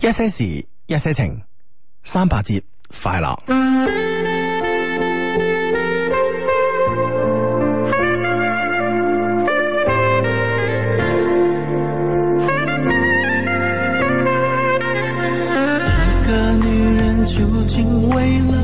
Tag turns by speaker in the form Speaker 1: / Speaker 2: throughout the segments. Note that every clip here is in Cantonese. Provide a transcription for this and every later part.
Speaker 1: 一些事，一些情，三八節快樂。
Speaker 2: 一個女人究竟為了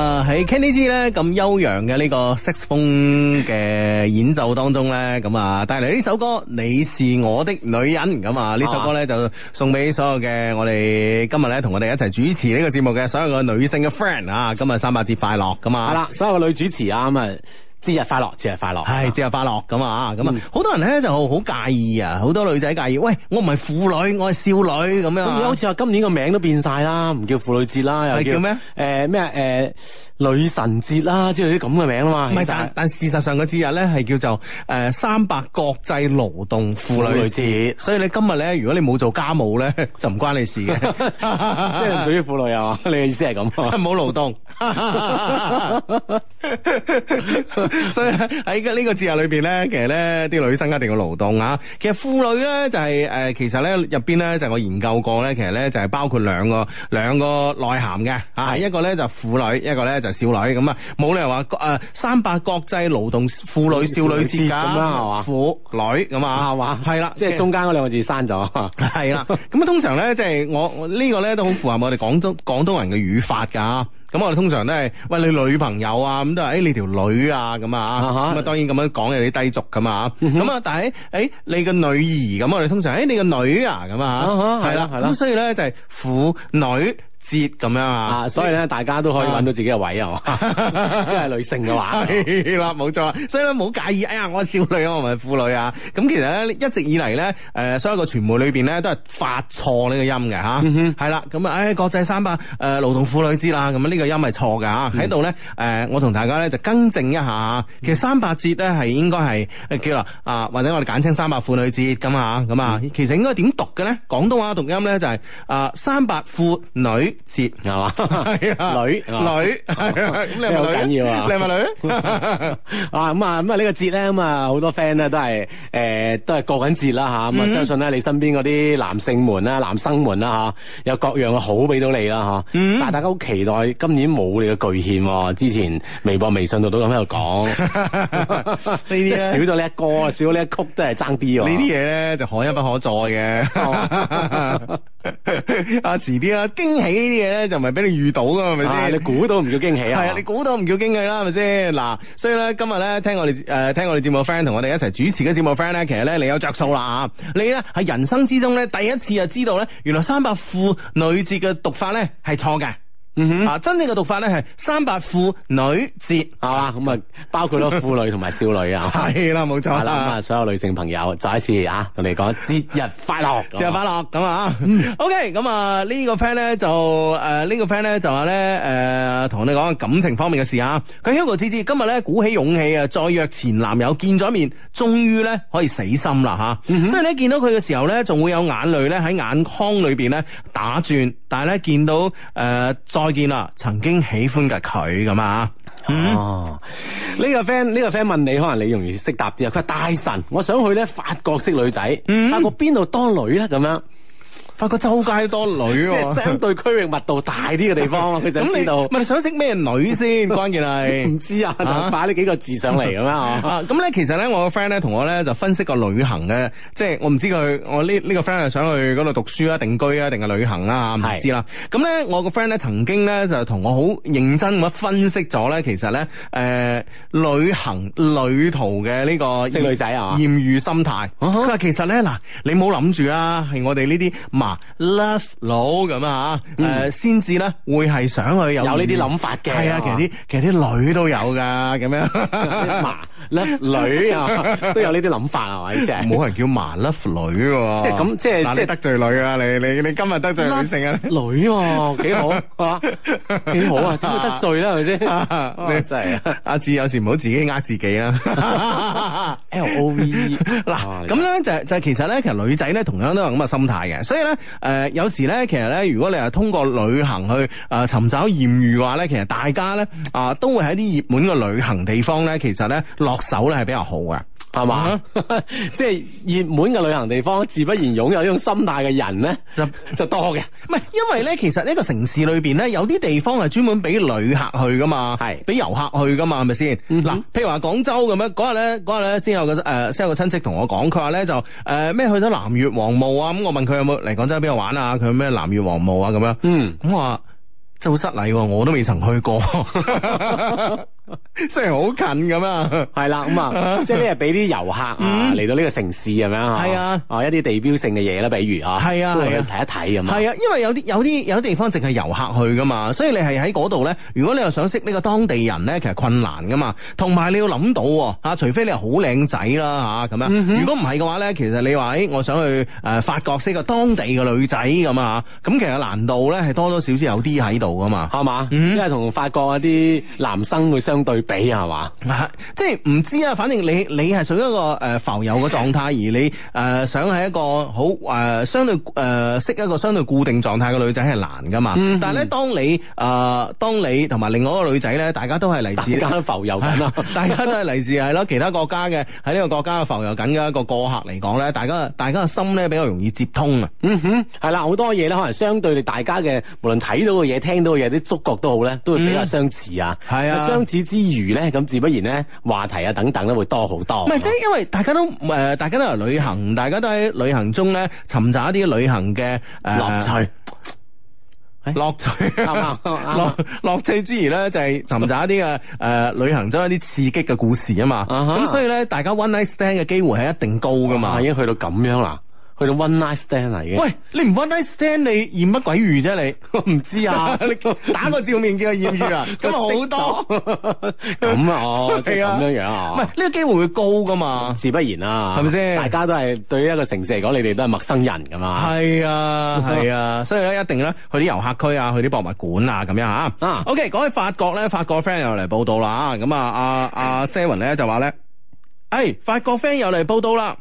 Speaker 1: 啊喺 Kenny G 咧，咁悠揚嘅呢個薩克斯風嘅演奏當中呢，咁啊帶嚟呢首歌《你是我的女人》，咁啊呢、啊、首歌呢就送俾所有嘅我哋今日呢，同我哋一齊主持呢個節目嘅所有嘅女性嘅 friend 啊，今日三八節快樂咁啊！係啦，所有嘅女主持啊咁啊。就是節日快樂，節日快樂，係節日快樂咁啊！咁啊、嗯，好多人咧就好介意啊，好多女仔介意，喂，我唔係婦女，我係少女咁樣，好似話今年個名都變晒啦，唔叫婦女節啦，又係叫咩？誒咩誒？呃女神節啦，之類啲咁嘅名啊嘛，其實但事實上個節日咧係叫做誒三百國際勞動婦女節，所以你今日咧，如果你冇做家務咧，就唔關你事嘅，即係唔屬於婦女啊。你嘅意思係咁，冇勞動。所以喺呢個節日裏邊咧，其實咧啲女生一定要勞動啊。其實婦女咧就係誒，其實咧入邊咧就係我研究過咧，其實咧就係包括兩個兩個內涵嘅啊，一個咧就婦女，一個咧就。少女咁啊，冇理由話誒、呃、三八國際勞動婦女少女節噶，婦女咁啊係嘛，係啦，即係 中間嗰兩個字刪咗，係啦。咁啊，通常咧即係我呢、這個咧都好符合我哋廣東廣東人嘅語法噶。咁我哋通常都係喂你女朋友啊，咁都係誒、哎、你條女啊咁啊，咁啊、uh huh. 當然咁樣講有啲低俗噶嘛。咁、嗯 huh. 哎哎、啊，但係誒你個女兒咁，我哋通常誒你個女啊咁啊，係啦係啦。咁所以咧就係婦女。節咁樣啊，所以咧，以呢大家都可以揾到自己嘅位啊。即係我 女性嘅話，啦， 冇錯。所以咧，唔好介意。哎呀，我係少女，啊，我唔係婦女啊。咁其實咧，一直以嚟咧，誒、呃，所有個傳媒裏邊咧都係發錯呢個音嘅吓。係啦，咁啊，誒、嗯哼哎，國際三八誒勞動婦女節啦。咁呢個音係錯嘅吓。喺度咧，誒、呃，我同大家咧就更正一下。其實三八節咧係應該係誒叫啊，或者我哋簡稱三八婦女節咁啊。咁啊，其實應該點讀嘅咧？廣東話讀音咧就係啊三八婦女節係嘛？ 女女係
Speaker 3: 啊，咁好緊要啊？靚咪女
Speaker 1: 啊！咁啊，咁啊呢個節咧，咁啊好多 friend 咧都係誒、呃，都係過緊節啦吓。咁啊、嗯，相信咧你身邊嗰啲男性們啦、男生們啦吓，有各樣嘅好俾到你啦吓。啊嗯、但係大家好期待今年冇你嘅巨獻，之前微博、微信度都咁喺度講呢啲少咗呢一個，少咗 呢一曲，都係爭啲。呢啲嘢咧就可一不可再嘅。阿、 啊、遲啲啦，驚喜。呢啲嘢咧就唔係俾你遇到噶嘛，係咪先？你估到唔叫驚喜啊！係啊，你估到唔叫驚喜啦，係咪先？嗱， 所以咧今日咧聽我哋誒、呃、聽我哋節目 friend 同我哋一齊主持嘅節目 friend 咧，其實咧你有着數啦，你咧喺人生之中咧第一次啊知道咧原來三百婦女節嘅讀法咧係錯嘅。嗯哼，嗱、啊、真正嘅讀法咧係三八婦女節，係嘛咁啊，包括咯婦女同埋少女 啊，係啦，冇錯啦。咁啊，所有女性朋友再一次啊，同你講節日快樂，節 日快樂咁、嗯 okay，啊。OK，這個、咁啊、這個、呢啊、這個 friend 咧就誒呢個 friend 咧就話咧誒同你哋講感情方面嘅事啊。佢 Hugo 之之今日咧鼓起勇氣啊，再約前男友見咗面，終於咧可以死心啦吓。啊啊啊、 所以咧見到佢嘅時候咧，仲會有眼淚咧喺眼眶裏邊咧打轉。打轉。但係咧，見到誒、呃、再見啦，曾經喜歡嘅佢咁啊。嗯、哦，呢個 friend 呢個 friend 問你，可能你容易識答啲啊。佢話大神，我想去咧法國識女仔，嗯、法國邊度多女咧咁樣。發覺周街多女喎、啊，即係相對區域密度大啲嘅地方，佢 就知道。唔係 想識咩女先？ 關鍵係唔 知啊道，擺呢 幾個字上嚟咁啦嚇。咁 咧、 啊、其實咧，我個 friend 咧同我咧就分析個旅行嘅，即係我唔知佢，我呢呢個 friend 係想去嗰度讀書啊、定居是、嗯呃、啊、定係旅行啊，唔知啦。咁咧我個 friend 咧曾經咧就同我好認真咁樣分析咗咧，其實咧誒旅行旅途嘅呢個識女仔啊，艷遇心態。佢話其實咧嗱，你冇諗住啊，係我哋呢啲 love 佬咁、呃、啊誒，先至咧會係想去有有呢啲諗法嘅，係啊，其實啲其實啲女都有噶，咁樣、 就是、麻 love 女啊，都有呢啲諗法啊，係咪先？冇人叫麻 love 女嘅，即係咁，即係即係得罪女啊！你你你今日得罪女性啊？女喎，幾好
Speaker 3: 啊，幾好啊，點會得罪
Speaker 1: 啦，係咪先？你真係啊，阿志有時唔好自己呃自己啊。
Speaker 3: love 嗱，
Speaker 1: 咁咧就就其實咧，其實女仔咧同樣都有咁嘅心態嘅，所以咧。誒、呃，有時咧，其實咧，如果你係通過旅行去誒尋、呃、找艷遇嘅話咧，其實大家咧啊都會喺啲熱門嘅旅行地方咧，其實咧落手咧係比較好嘅。係嘛？Mm hmm. 即係熱門嘅旅行地方，自不然擁有呢種心態嘅人呢， 就多嘅。唔係，因為呢，其實呢個城市裏邊呢，有啲地方係專門俾旅客去噶嘛，係俾遊客去噶嘛，係咪先？嗱、mm hmm.，譬如話廣州咁樣，嗰日呢，嗰日咧先有個誒，先有個親、呃、戚同我講，佢話呢，就誒咩去咗南越王墓啊？咁我問佢有冇嚟廣州邊度玩啊？佢咩南越王墓啊？咁樣，嗯，咁話真係好失禮喎，我都未曾去過。雖然好近咁、嗯嗯、啊，係啦，咁啊，即係你係俾啲遊客啊嚟到呢個城市咁樣吓，係啊，嗯、啊、哦、一啲地標性嘅嘢啦，比如啊，係啊，去睇一睇咁啊，係、嗯、啊，因為有啲有啲有啲地方淨係遊客去噶嘛，所以你係喺嗰度咧，如果你又想識呢個當地人咧，其實困難噶嘛，同埋你要諗到啊，除非你係好靚仔啦吓咁樣，嗯、哼如果唔係嘅話咧，其實你話誒我想去誒法國識個當地嘅女仔咁啊，咁其實難度咧係多多少少有啲喺度噶嘛，係嘛、嗯，因為同法國一啲男生會相對比係嘛？即係唔知啊，反正你你係屬於一個誒浮游嘅狀態，而你誒、呃、想係一個好誒、呃、相對誒、呃、識一個相對固定狀態嘅女仔係難噶嘛。嗯哼但係咧，當你誒、呃、當你同埋另外一個女仔咧，大家都係嚟自大家浮游緊，大家都係嚟自係咯其他國家嘅，喺呢個國家嘅浮游緊嘅一個過客嚟講咧，大家大家嘅心咧比較容易接通啊。嗯哼，係啦，好多嘢咧，可能相對大家嘅無論睇到嘅嘢、聽到嘅嘢，啲觸覺都好咧，都會比較相似啊。係啊，相似。 之餘咧，咁自不然咧，話題啊等等咧會多好多。唔係，即係因為大家都誒、呃，大家都嚟旅行，大家都喺旅行中咧，尋找一啲旅行嘅誒樂趣，誒樂趣，係嘛
Speaker 3: 彩，
Speaker 1: 樂樂趣之餘咧，就係、是、尋找一啲嘅誒旅行中一啲刺激嘅故事啊嘛。咁、uh huh. 所以咧，大家 one night stand 嘅機會係一定高噶嘛，uh huh. 已經去到咁樣啦。去到 one night stand 嚟嘅。喂，你唔 one night stand，你艷乜鬼遇啫你？ 我唔知啊， 你打個照面 叫佢艷遇啊，咁 好多。咁啊，即係咁樣樣啊。唔係，呢個機會會高噶嘛？事不然啊！係咪先？大家都係對於一個城市嚟講，你哋都係陌生人噶嘛。係啊，係 啊，啊，所以咧一定咧去啲遊客區啊，去啲博物館啊，咁樣吓。啊，OK，講起法國咧，法國 friend 又嚟報道啦。咁啊，阿、啊、阿、啊、seven 咧就話咧，誒、哎，法國 friend 又嚟報道啦。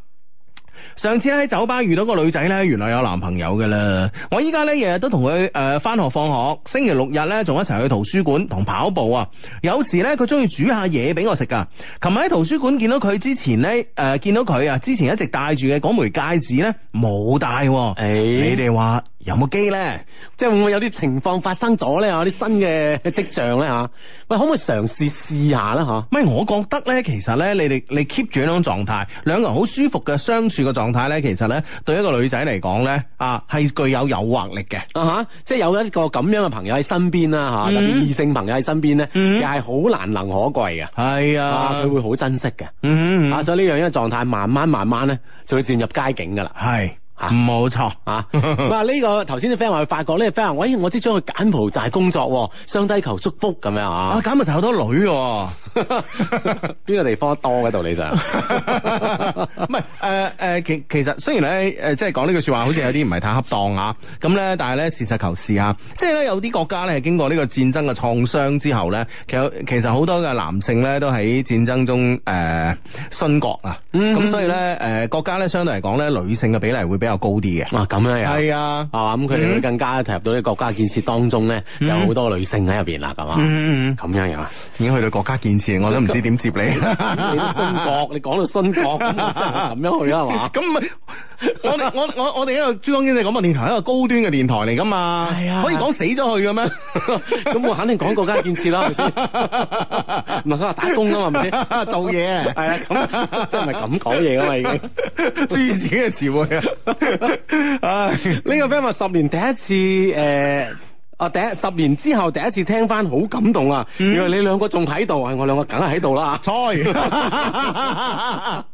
Speaker 1: 上次喺酒吧遇到個女仔呢，原來有男朋友嘅啦。我依家呢，日日都同佢誒返學放學，星期六日呢，仲一齊去圖書館同跑步啊。有時呢，佢中意煮下嘢俾我食啊。琴日喺圖書館見到佢之前呢，誒、呃、見到佢啊，之前一直戴住嘅嗰枚戒指呢，冇戴、啊。誒 Hey.，你哋話？有冇機呢？即係會唔會有啲情況發生咗呢？有啲新嘅跡象呢？吓喂，可唔可以嘗試試下啦？吓，喂我覺得呢，其實呢，你哋你 keep 住呢種狀態，兩個人好舒服嘅相處嘅狀態呢。其實呢，對一個女仔嚟講呢，啊係具有誘惑力嘅，啊吓，即係有一個咁樣嘅朋友喺身邊啦，吓、啊 mm hmm. 特別異性朋友喺身邊呢，又係好難能可貴嘅，係、mm hmm. 啊，佢會好珍惜嘅，mm hmm. 啊，所以呢樣嘢嘅狀態慢慢慢慢呢，就會漸入佳境噶啦，係、mm。Hmm. 冇錯啊！哇，呢、啊 呢個頭先啲 friend 話去法國，呢 個 friend 話，喂、哎，我即將去柬埔寨工作，上低求祝福咁樣啊！柬埔寨好多女喎、啊。邊 個地方多嘅道理就唔係，誒誒其其實，雖然咧誒即係講呢句說話好似有啲唔係太恰當啊，咁咧但係咧事實求是啊。即係咧有啲國家咧係經過呢個戰爭嘅創傷之後咧其實其實好多嘅男性咧都喺戰爭中誒、呃、殉國啊咁、嗯嗯嗯、所以咧誒國家咧相對嚟講咧女性嘅比例會比較高啲嘅啊咁樣啊係啊啊咁佢哋會更加投入到啲國、嗯嗯、國家建設當中咧有好多女性喺入邊啦咁啊嗯嗯咁樣啊已經去到國家建。我都唔知點接你。你都新國，你講到新國，咁樣真去啊嘛？咁 我我我我哋呢個珠江經濟廣播電台一個高端嘅電台嚟噶嘛？係啊，可以講死咗去嘅咩？咁 我肯定講國家建設啦，係咪先？唔係佢話打工啊嘛，係咪做嘢係啊，真係咁講嘢噶嘛？已經
Speaker 3: 注意自己嘅詞彙啊！
Speaker 1: 唉，呢個 friend 話十年第一次誒。呃啊！第一十年之後第一次聽翻，好感動啊！原來、嗯、你兩個仲喺度，係我兩個梗係喺度啦。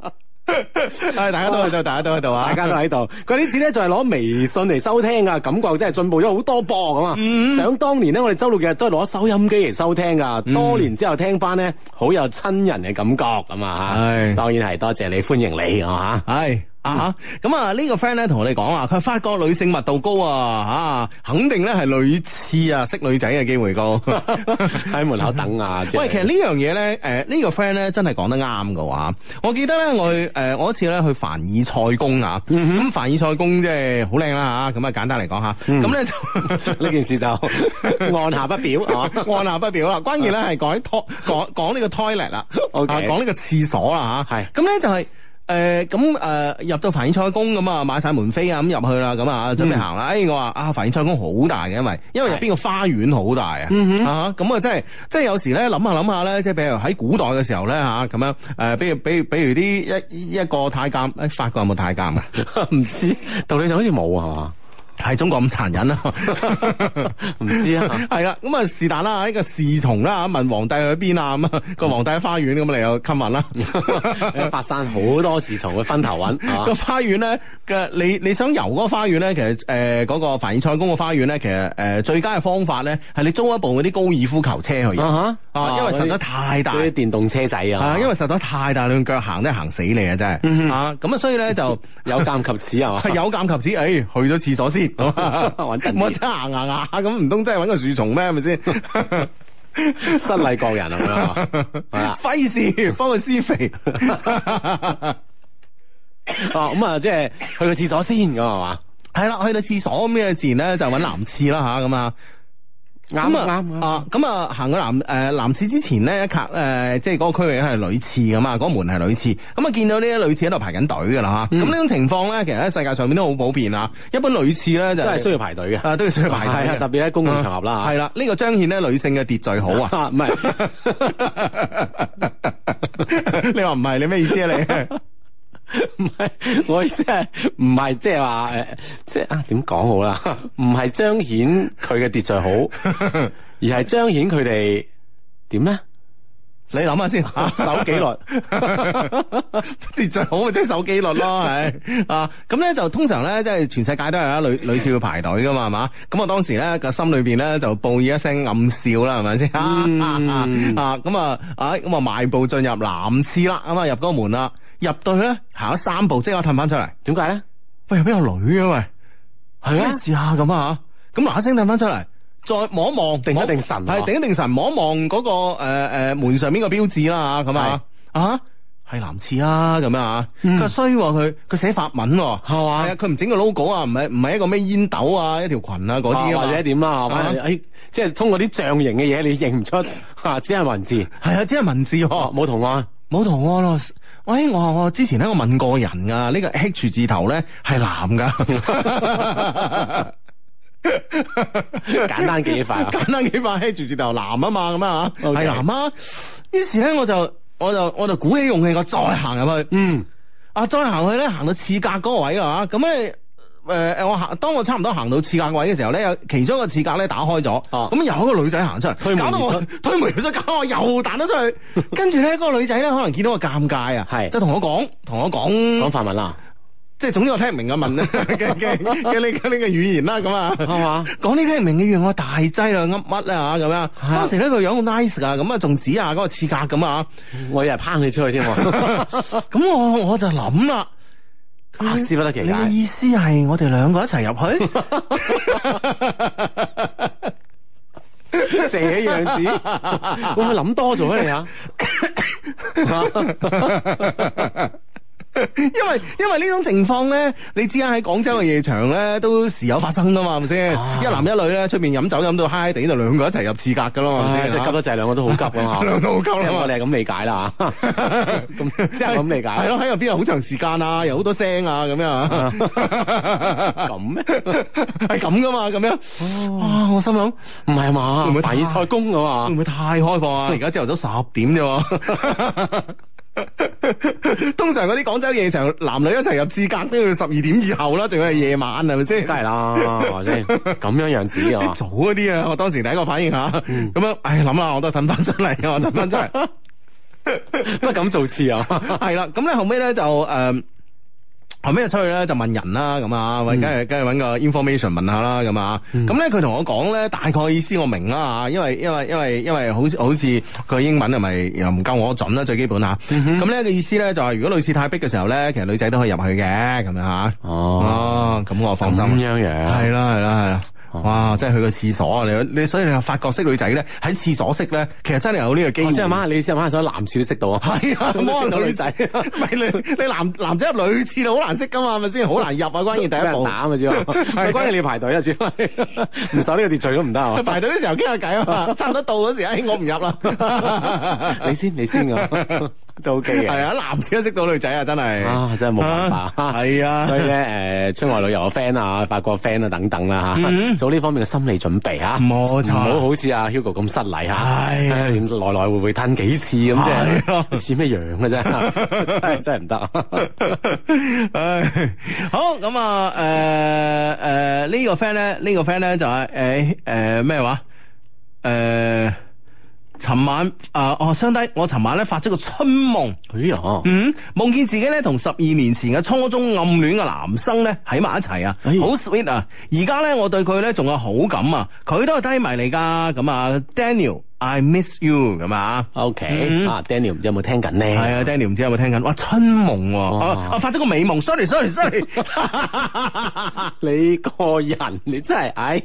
Speaker 1: 係，大家都喺度，大家都喺度啊！大家都喺度。佢呢 次呢就係、是、攞微信嚟收聽噶，感覺真係進步咗好多噃咁啊！嗯、想當年呢，我哋周六日都係攞收音機嚟收聽噶，多年之後聽翻呢，好有親人嘅感覺咁啊！嚇是，當然係多謝你，歡迎你嚇嚇。啊啊，咁啊呢個 friend 咧同我哋講啊，佢發覺女性密度高啊，吓肯定咧係女廁啊識女仔嘅機會高。喺門口等啊，喂，其實呢樣嘢咧，誒呢個 friend 咧真係講得啱嘅話，我記得咧我誒我一次咧去凡爾賽宮啊，咁凡爾賽宮即係好靚啦吓，咁啊簡單嚟講吓，咁咧呢件事就按下不表啊，按下不表啦。關鍵咧係講拖講講呢個 toilet 啦，啊講呢個廁所啦吓，係咁咧就係。誒，咁誒入到凡爾賽宮咁、嗯哎、啊，買晒門飛啊，咁入去啦，咁啊準備行啦。誒，我話啊凡爾賽宮好大嘅，因為因為入邊個花園好大啊，啊咁啊即係，即係有時咧諗下諗下咧，即係比如喺古代嘅時候咧吓咁樣，誒，比如比、啊啊、比如啲一一,一,一個太監，誒、哎，法國有冇太監噶？唔 知，道理就好似冇啊，係嘛？係中國咁殘忍 啊！
Speaker 3: 唔知啊，
Speaker 1: 係啦，咁啊是但啦，呢個侍從啦，問皇帝去邊 啊？咁啊個皇帝喺花園咁你又吸引啦。白山好多侍從去分頭搵個花園咧嘅，你你想遊嗰個花園咧，其實誒嗰、呃那個凡爾賽宮個花園咧，其實誒、呃、最佳嘅方法咧係你租一部嗰啲高爾夫球車去。啊,啊因為實在太大。啲電動車仔啊,啊。因為實在太大，你用腳行都行死你啊！真係啊，咁啊、嗯哼，所以咧就有鑒及此啊， 有鑒及此，誒、哎，去咗廁所先。我 真行行下咁，唔通真係搵個樹叢咩？係咪先？失禮過人係咪啊？費事幫佢施肥。哦，咁啊，即係去個廁所先咁係嘛？係 啦，去到廁所咩？ 自然咧就搵男廁啦吓咁啊。 啱啊！啊咁啊，行過男誒、呃、男廁之前咧，卡、呃、誒即係嗰個區域係女廁噶嘛，嗰、那個、門係女廁。咁、嗯、啊，嗯、見到呢啲女廁喺度排緊隊噶啦吓。咁呢、嗯嗯、種情況咧，其實喺世界上面都好普遍啊。一般女廁咧就是、都係需要排隊嘅，啊都要需要排隊、啊啊，特別喺公共場合啦。係啦、嗯，呢、嗯啊這個彰顯咧女性嘅秩序好啊。唔係，你話唔係你咩意思啊你？ 唔係， 我意思係唔係即係話誒，即係啊點講好啦？唔 係彰顯佢嘅秩序好，而係彰顯佢哋點咧？ 你諗下先，守、啊、紀律 秩序好咪即係守紀律咯，係啊，咁咧就通常咧即係全世界都係啊女女廁要排隊噶嘛，係嘛？咁我當時咧個心裏邊咧就報以一聲暗、嗯、笑啦，係咪先啊？啊咁啊啊咁啊邁、啊、步進入男廁啦，咁啊入嗰個門啦。入到去咧，行咗三步，即刻褪翻出嚟，點解咧？喂，入邊有女嘅喂？係啊，試下咁啊咁嗱一聲褪翻出嚟，再望一望，啊啊，定一定神，係定一定神，望一望嗰個誒誒門上面個標誌啦咁啊啊，係男是、啊、廁啊咁啊吓，佢衰喎，佢佢寫法文喎，係啊。佢唔整個 logo 啊，唔係唔係一個咩煙斗啊，一條裙啊嗰啲，啊啊，或者點啊。係嘛嗎，誒，哎哎，即係通過啲象形嘅嘢，你認唔出吓？ 只係文字，係 啊，只係文字，冇圖案，冇圖案咯。.喂、哎，我我之前咧，我問過人噶，呢、這個 H 字頭咧係男噶，
Speaker 3: 簡單幾塊， 簡
Speaker 1: 單幾塊 H 字頭男啊嘛，咁啊 Okay.，係男啊。於是咧，我就我就我就鼓起勇氣，我再行入去，嗯，啊，再行去咧，行到次格嗰個位啊，咁咧。誒誒，我行，當我差唔多行到廁格位嘅時候咧，有其中一個廁格咧打開咗，咁又一個女仔行出嚟，推到我推門，佢再搞我又彈咗出去，跟住咧個女仔咧可能見到我尷尬啊，即係同我講，同我講講法文啦，即係總之我聽唔明嘅問啊，嘅嘅嘅呢嘅呢語言啦，咁啊，係嘛，講啲聽唔明嘅語言我大劑啦，噏乜啊吓咁樣，當時咧個樣好 nice 啊，咁啊仲指下嗰個廁格咁啊，我又抨你出去添，咁我我就諗啦。意思係我哋兩個一齊入去，
Speaker 3: 成個樣子，會唔會諗多咗你啊？ 因為因為
Speaker 1: 呢種情況咧，你知啊喺廣州嘅夜場咧都時有發生噶嘛，係咪先？一男一女咧出面飲酒飲到嗨地，呢度兩個一齊入廁格噶喇，嘛。哎、呀即係急得滯，兩 個都好急啊！嘛。兩個都好急啦，因為你係咁理解啦吓，咁 即係是咁 理解。係咯，喺入邊有好長時間啊，有好多聲啊，咁樣。咁 咩樣嗎？係咁噶嘛？咁樣。哇！我心諗，唔係啊嘛？會唔會大耳塞公啊嘛？會唔會太開放啊？會會放而家朝頭早十點啫。 通常嗰啲廣州夜場男女一齊入廁格都要十二點以後啦，仲要係夜晚係咪先？梗係啦，咁樣樣子啊！ 早啲啊，我當時第一個反應吓，咁、嗯、樣，唉，諗下我都褪翻出嚟，我褪翻出嚟， 不敢做次啊！係 啦， 咁咧後尾咧就誒。呃後尾就出去咧，就問人啦，咁啊，咁梗係梗係揾個 information 問下啦，咁啊、嗯，咁咧佢同我講咧，大概意思我明啦，嚇，因為因為因為因為好似好似佢英文又咪又唔夠我準啦，最基本嚇。咁咧嘅意思咧就係、是，如果類似太逼嘅時候咧，其實女仔都可以入去嘅，咁樣嚇。哦，咁、哦、我放心。咁樣樣。係啦，係啦，係啦。哇！即係去個廁所啊！你你所以你發覺識女仔咧，喺廁所識咧，其實真係有呢個機會。即係晚下，你先晚下所有男廁都識到 啊！係啊，摸到女仔。唔係 你你男男仔入女廁好難識噶嘛，係咪先？好難入啊！關鍵第一步。難啊嘛，主關鍵你要排隊啊，主要。唔守呢個秩序都唔得啊嘛。排隊嘅時候傾下偈啊嘛，差唔多到嗰時，我唔入啦。 你先，你先啊。 都 OK 嘅，係啊， 男仔都識到女仔啊，真係啊，真係冇辦法，係啊，啊 所以咧，誒、呃，出外旅遊嘅 friend 啊，法國 friend 啊，等等啦吓，嗯、做呢方面嘅心理準備啊。冇錯，唔好好似阿 Hugo 咁失禮啊，係來來回回吞幾次咁，即係似咩樣嘅啫，真係唔得。好咁啊，誒誒，呃呃呃呢個、呢、呢個 friend 咧，呢個 friend 咧就係誒誒咩話誒。呃呃尋晚啊、呃哦，相低，我尋晚咧發咗個春夢，哎呀，嗯，夢見自己咧同十二年前嘅初中暗戀嘅男生咧喺埋一齊啊，好、哎、呀 sweet 啊，而家咧我對佢咧仲有好感啊，佢都係低迷嚟噶，咁啊，Daniel，I miss you，咁啊，OK，啊，Daniel 唔知有冇聽緊呢？係啊，Daniel 唔知有冇聽緊？哇，春夢、啊，我哇、啊、發咗個美夢，sorry，sorry，sorry，sorry. 你個人你真係矮。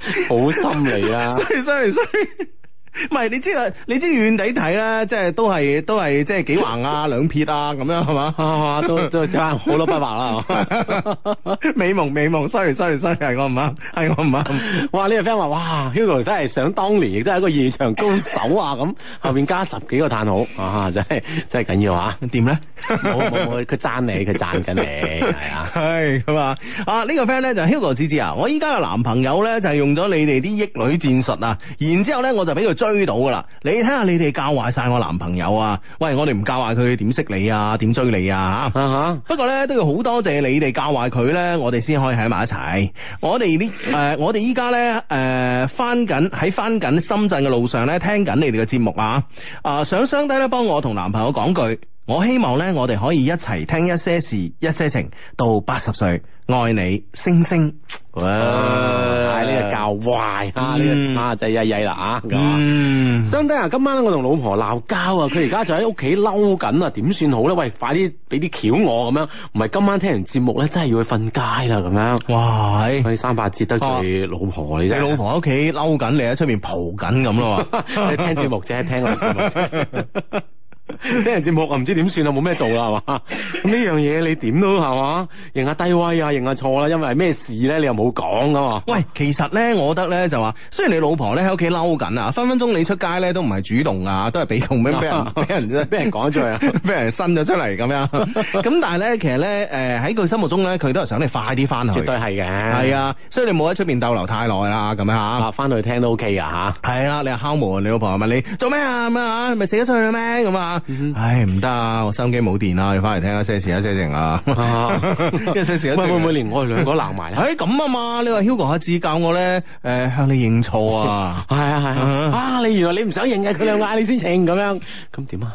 Speaker 1: 好心你啊！犀利，犀利，犀利。唔係，你知啊，你知遠地睇啦，即係都係都係即係幾橫啊，兩撇啊咁樣係嘛、啊，都都差好多筆畫啦，美夢美夢，sorry sorry sorry，係我唔啱，係我唔啱。哇呢個 friend 話哇，Hugo 真係想當年亦都係一個夜場高手啊，咁後邊加十幾個嘆號啊，真係真係緊要啊。點咧？冇冇佢讚你，佢讚緊你係、 哎、啊。係咁啊，啊呢個 friend 咧就是、Hugo 之之啊，我依家個男朋友咧就係、是、用咗你哋啲益女戰術啊，然之後咧我就俾佢。追到噶啦！你睇下你哋教壞晒我男朋友啊！喂，我哋唔教壞佢，點識你啊？點追你啊？吓、uh！Huh. 不過呢，都要好多謝你哋教壞佢呢。我哋先可以喺埋一齊。我哋呢誒，我哋依家呢，誒、呃，翻緊喺翻緊深圳嘅路上呢。聽緊你哋嘅節目啊！啊、呃，想收低呢，幫我同男朋友講句。我希望咧，我哋可以一齊聽一些事、一些情，到八十歲愛你星星哇！呢個教壞啊，呢個啊仔。係曳曳啦啊！兄弟啊，今晚我同老婆鬧交啊，佢而家就喺屋企嬲緊啊，點算好咧？喂，快啲俾啲橋我咁樣，唔係今晚聽完節目咧，真係要去瞓街啦咁樣。哇！喂，三八節得罪老婆，你老婆喺屋企嬲緊，你喺出面蒲緊咁咯？你聽節目啫，聽我節目啫。聽人節目啊，唔知點算啊，冇咩做啦，係嘛？咁呢樣嘢你點都係嘛？認下低威啊，認下錯啦，因為咩事咧？你又冇講噶嘛？喂，其實咧，我覺得咧就話，雖然你老婆咧喺屋企嬲緊啊，分分鐘你出街咧都唔係主動啊，都係被動俾？俾人？俾人啫？ 人講出嚟啊？俾 人伸咗出嚟咁樣？咁 但係咧，其實咧，誒喺佢心目中咧，佢都係想你快啲翻去。絕對係嘅。係啊，所以你冇喺出邊逗留太耐啦，咁樣吓，翻到、啊、去聽都 OK 啊，吓。係啦，你敲門，你老婆係咪？你做咩啊？咁啊，咪死咗出嚟咩？咁啊。 唉，唔得啊！我心機冇電啦，要翻嚟聽一些事，一些情啊！因係一些事，唔係唔係唔係，連我哋兩個鬧埋咧。哎，咁啊嘛，你話 Hugo 阿志教我咧，誒、呃，向你認錯啊！係啊，係啊，啊，你原來你唔想認嘅、啊，佢兩個嗌你先情咁 樣，咁點啊？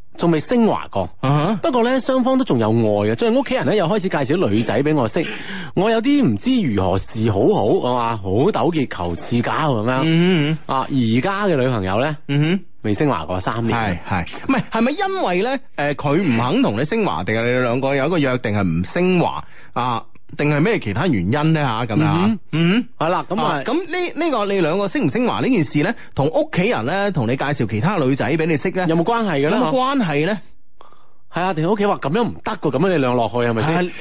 Speaker 1: 仲未升華過，uh huh. 不過呢，雙方都仲有愛嘅。最近屋企人呢又開始介紹女仔俾我識，我有啲唔知如何是好好，係嘛，好糾結求賜教咁樣。Uh huh. 啊，而家嘅女朋友呢，未、uh huh. 升華過三年。係係、uh，唔係係咪因為呢？誒、呃，佢唔肯同你升華，定係你哋兩個有一個約定係唔升華啊？定係咩其他原因咧？吓咁樣，嗯，係啦，咁啊，咁呢呢個你兩個升唔升華呢件事咧，同屋企人咧，同你介紹其他女仔俾你識咧，有冇關係噶咧？有冇關係咧？係啊，定係屋企話咁樣唔得噶，咁樣你兩落去係咪先？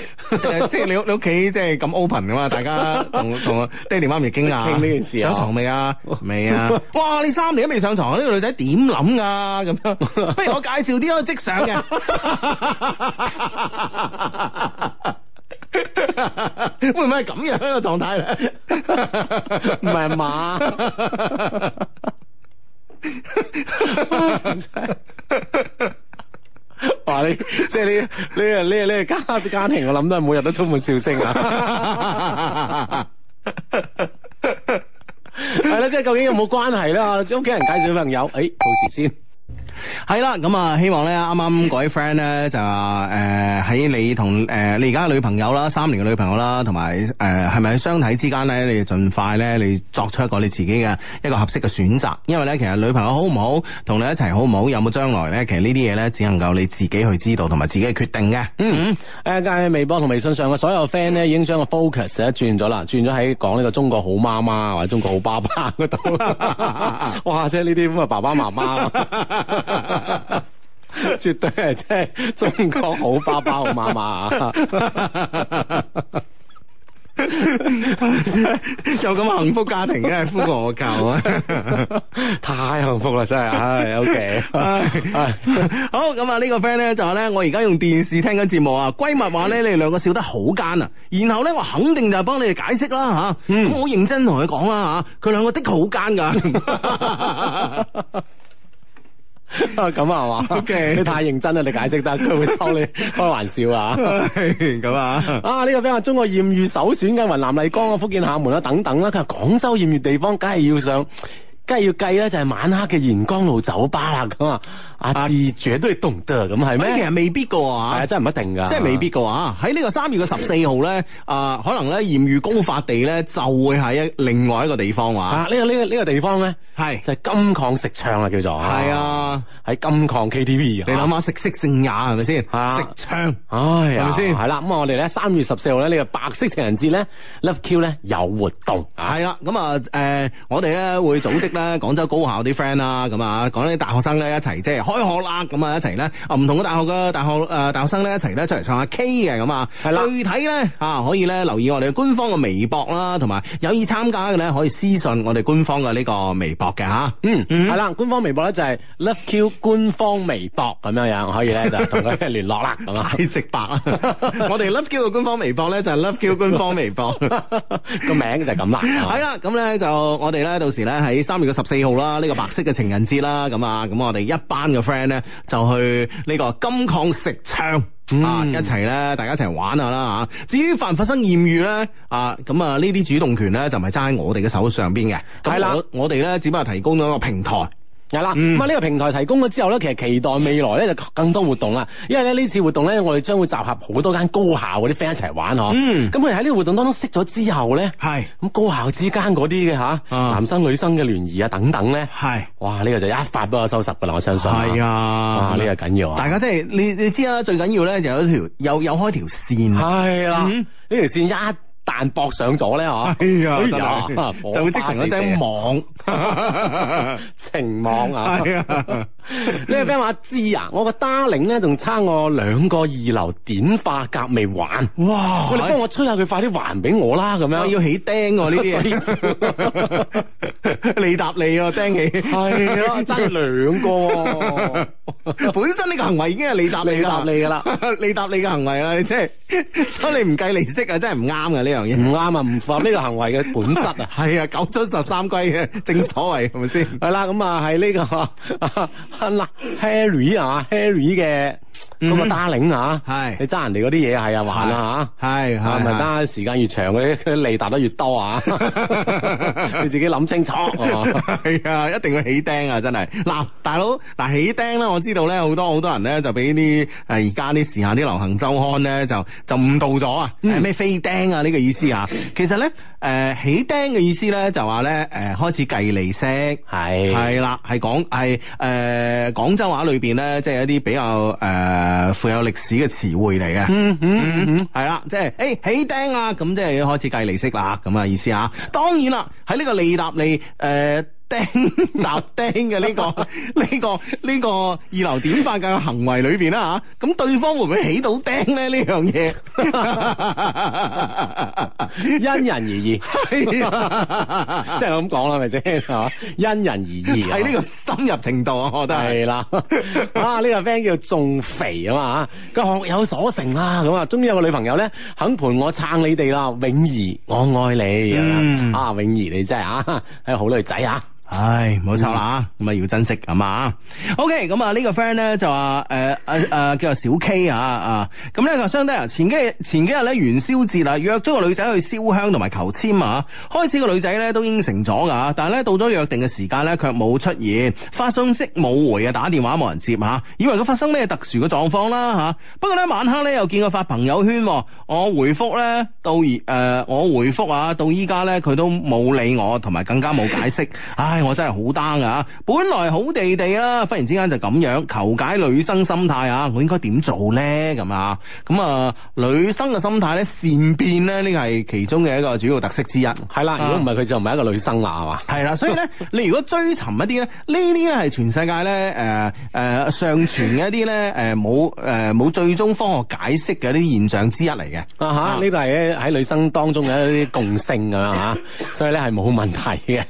Speaker 1: 即係你你屋企即係咁 open 噶嘛？大家同同爹哋媽咪傾啊，傾呢件事啊？上床未啊？未啊？哇！你三年都未上床，呢個女仔點諗噶？咁樣不如我介紹啲可以即上嘅。
Speaker 3: 唔係咁樣嘅狀態咧，唔係嘛？
Speaker 1: 話 你即係你你啊你啊你啊家家庭，我諗都係每日都充滿笑聲啊！係啦，即係究竟有冇關係咧？啊，屋企人介紹朋友，誒、哎，到時先。係啦，咁啊、嗯，希望呢啱啱嗰位 friend 呢，就誒喺、呃、你同誒、呃、你而家女朋友啦，三年嘅女朋友啦，同埋誒係咪喺相體之間呢？你盡快呢，你作出一個你自己嘅一個合適嘅選擇。因為呢，其實女朋友好唔好，同你一齊好唔好，有冇將來呢？其實呢啲嘢呢，只能夠你自己去知道同埋自己去決定嘅。嗯，誒、嗯，但係、呃、微博同微信上嘅所有 friend 呢，嗯、已經將個 focus 咧轉咗啦，轉咗喺講呢個中國好媽媽或者中國好爸爸嗰度。哇，即係呢啲咁啊爸爸媽媽,媽。 絕對係即係中國好爸爸好媽媽啊！
Speaker 3: 有咁幸福家庭嘅，夫何求啊？
Speaker 1: 太幸福啦，真係唉，O K，好咁啊！個呢個 friend 咧就話咧，我而家用電視聽緊節目啊。閨蜜話咧，你哋兩個笑得好奸啊！然後咧，我肯定就係幫你哋解釋啦吓。啊、嗯，我好認真同佢講啦吓，佢兩個的確好奸噶。咁 啊係嘛，OK，你太認真啦，你解釋得，佢會收你開玩笑啊，
Speaker 3: 咁
Speaker 1: 啊，啊呢個比較中國艷遇首選嘅雲南麗江啊、福建廈門啊等等啦，啊，佢話廣州艷遇地方，梗係要上。梗係要計咧，就係晚黑嘅沿江路酒吧啦，咁啊，阿志住都係得唔得啊？咁係咩？其實未必噶喎，係啊，真唔一定噶，即係未必噶喎。喺呢個三月嘅十四號咧，啊，可能咧嫌遇公發地咧，就會喺另外一個地方喎。啊，呢個呢個呢個地方咧，係就金礦食唱啊，叫做係啊，喺金礦 KTV。啊。你諗下，食色性也係咪先？食唱，係咪先？係啦。咁啊，我哋咧三月十四號咧呢個白色情人節咧，Love Q 咧有活動。係啦，咁啊誒，我哋咧會組織咧。廣州高校啲 friend 啦，咁啊，講啲大學生咧一齊即係開學啦，咁啊一齊咧，啊唔同嘅大學嘅大學誒大學生咧一齊咧出嚟唱下 K 嘅。咁啊，係啦的，具體咧啊可以咧留意我哋嘅官方嘅微博啦，同埋有，有意參加嘅咧可以私信我哋官方嘅呢個微博嘅吓。嗯，係啦、嗯，官方微博咧就係 Love Q 官方微博咁樣樣，可以咧就同佢哋聯絡啦，咁啊，好直白，我哋 Love Q 嘅官方微博咧就係 Love Q 官方微博，個名就係咁啦，係啦，咁咧就我哋咧到時咧喺三今月嘅十四號啦，呢、這個白色嘅情人節啦，咁啊，咁我哋一班嘅 friend 咧就去呢個金礦石場、嗯、啊，一齊咧，大家一齊玩下啦吓。至於發唔發生艷遇咧，啊，咁啊呢啲主動權咧就唔係揸喺我哋嘅手上邊嘅，係啦， 我哋咧只不過提供咗一個平台。係啦，咁啊呢個平台提供咗之後咧，其實期待未來咧就更多活動啦。因為咧呢次活動咧，我哋將會集合好多間高校嗰啲 friend 一齊玩嗬。咁佢哋喺呢個活動當中識咗之後咧，咁是高校之間嗰啲嘅吓，啊啊、男生女生嘅聯誼啊等等咧，是哇呢、呢個就一發不可收拾噶啦，我相信。係啊，呢、呢個緊要啊！嗯、大家即係你你知啦，最緊要咧有一條有有，有開條線。係啦的，呢、嗯、條線一。彈搏上咗咧嗬，就會織成一張網，情網啊！呢咩話？阿志啊，我個 darling 咧仲差我兩個二樓碘化鉀未還，哇！你幫我催下佢，快啲還俾我啦！咁樣要起釘呢啲你 答你啊，聽你係啊，爭兩個， 本身呢個行為已經係你答你嘅 答你噶啦，你答你嘅行為啊，即係 所以你唔計利息啊，真係唔啱啊。呢樣嘢，唔 啱啊，唔符合呢個行為嘅本質啊，係 啊，九樽十三歸嘅，正所謂係咪先？係啦，咁啊，係呢個啊，Harry 啊，Harry 嘅。咁啊 darling 啊，係你揸人哋嗰啲嘢係啊，玩啊、yes？吓，係係咪？揸時間越長，嗰啲嗰啲利達得越多啊！你自己諗清楚，係啊，一定要起釘啊，真係嗱，大佬嗱，起釘咧，我知道咧，好多好多人咧就俾啲誒而家啲時下啲流行周刊咧就就誤導咗啊，咩飛釘啊呢個意思啊？其實咧，誒起釘嘅意思咧就話咧，誒開始計利息，係係啦，係講係誒廣州話裏邊咧，即係一啲比較誒。誒，富、呃、有歷史嘅詞彙嚟嘅。嗯，嗯，嗯，係、嗯、啦，即係，誒、欸，起釘啊，咁即係要開始計利息啦，咁啊意思吓、啊。當然啦，喺呢個利達利誒。呃釘砸釘嘅呢個呢個呢個二流點發嘅行為裏邊啦吓，咁對方會唔會起到釘咧呢樣嘢？因人而異，即係咁講啦，係咪先？係因人而異，係呢個深入程度，啊。我覺得係啦。啊，呢個 friend 叫仲肥啊嘛吓，個學有所成啦。咁啊，終於有個女朋友咧，肯陪我撐你哋啦。泳兒，我愛你。啊，泳兒你真係啊，係好女仔啊！唉，冇錯啦，咁啊要珍惜係啊。OK，咁啊呢個 friend 咧就話誒誒誒叫做小 K 啊啊，咁咧就相當前幾日前幾日咧元宵節啦，約咗個女仔去燒香同埋求簽啊。開始個女仔咧都應承咗噶，但係咧到咗約定嘅時間咧卻冇出現，發信息冇回啊，打電話冇人接吓，以為佢發生咩特殊嘅狀況啦吓。不過咧晚黑咧又見佢發朋友圈，我回覆咧到而誒我回覆啊到依家咧佢都冇理我，同埋更加冇解釋，唉。我真係好 down 啊！本來好地地啊，忽然之間就咁樣。求解女生心態啊，我應該點做呢？咁啊，咁、呃、啊，女生嘅心態咧，善變咧，呢個係其中嘅一個主要特色之一。係啦，如果唔係佢就唔係一個女生啦，係嘛？係啦，所以呢， 你如果追尋一啲咧，呢啲咧係全世界咧，誒、呃、誒、呃，上傳一啲咧，誒冇誒冇最終科學解釋嘅呢啲現象之一嚟嘅。啊，哈啊，呢個係喺女生當中嘅一啲共性啊，吓， 所以咧係冇問題嘅。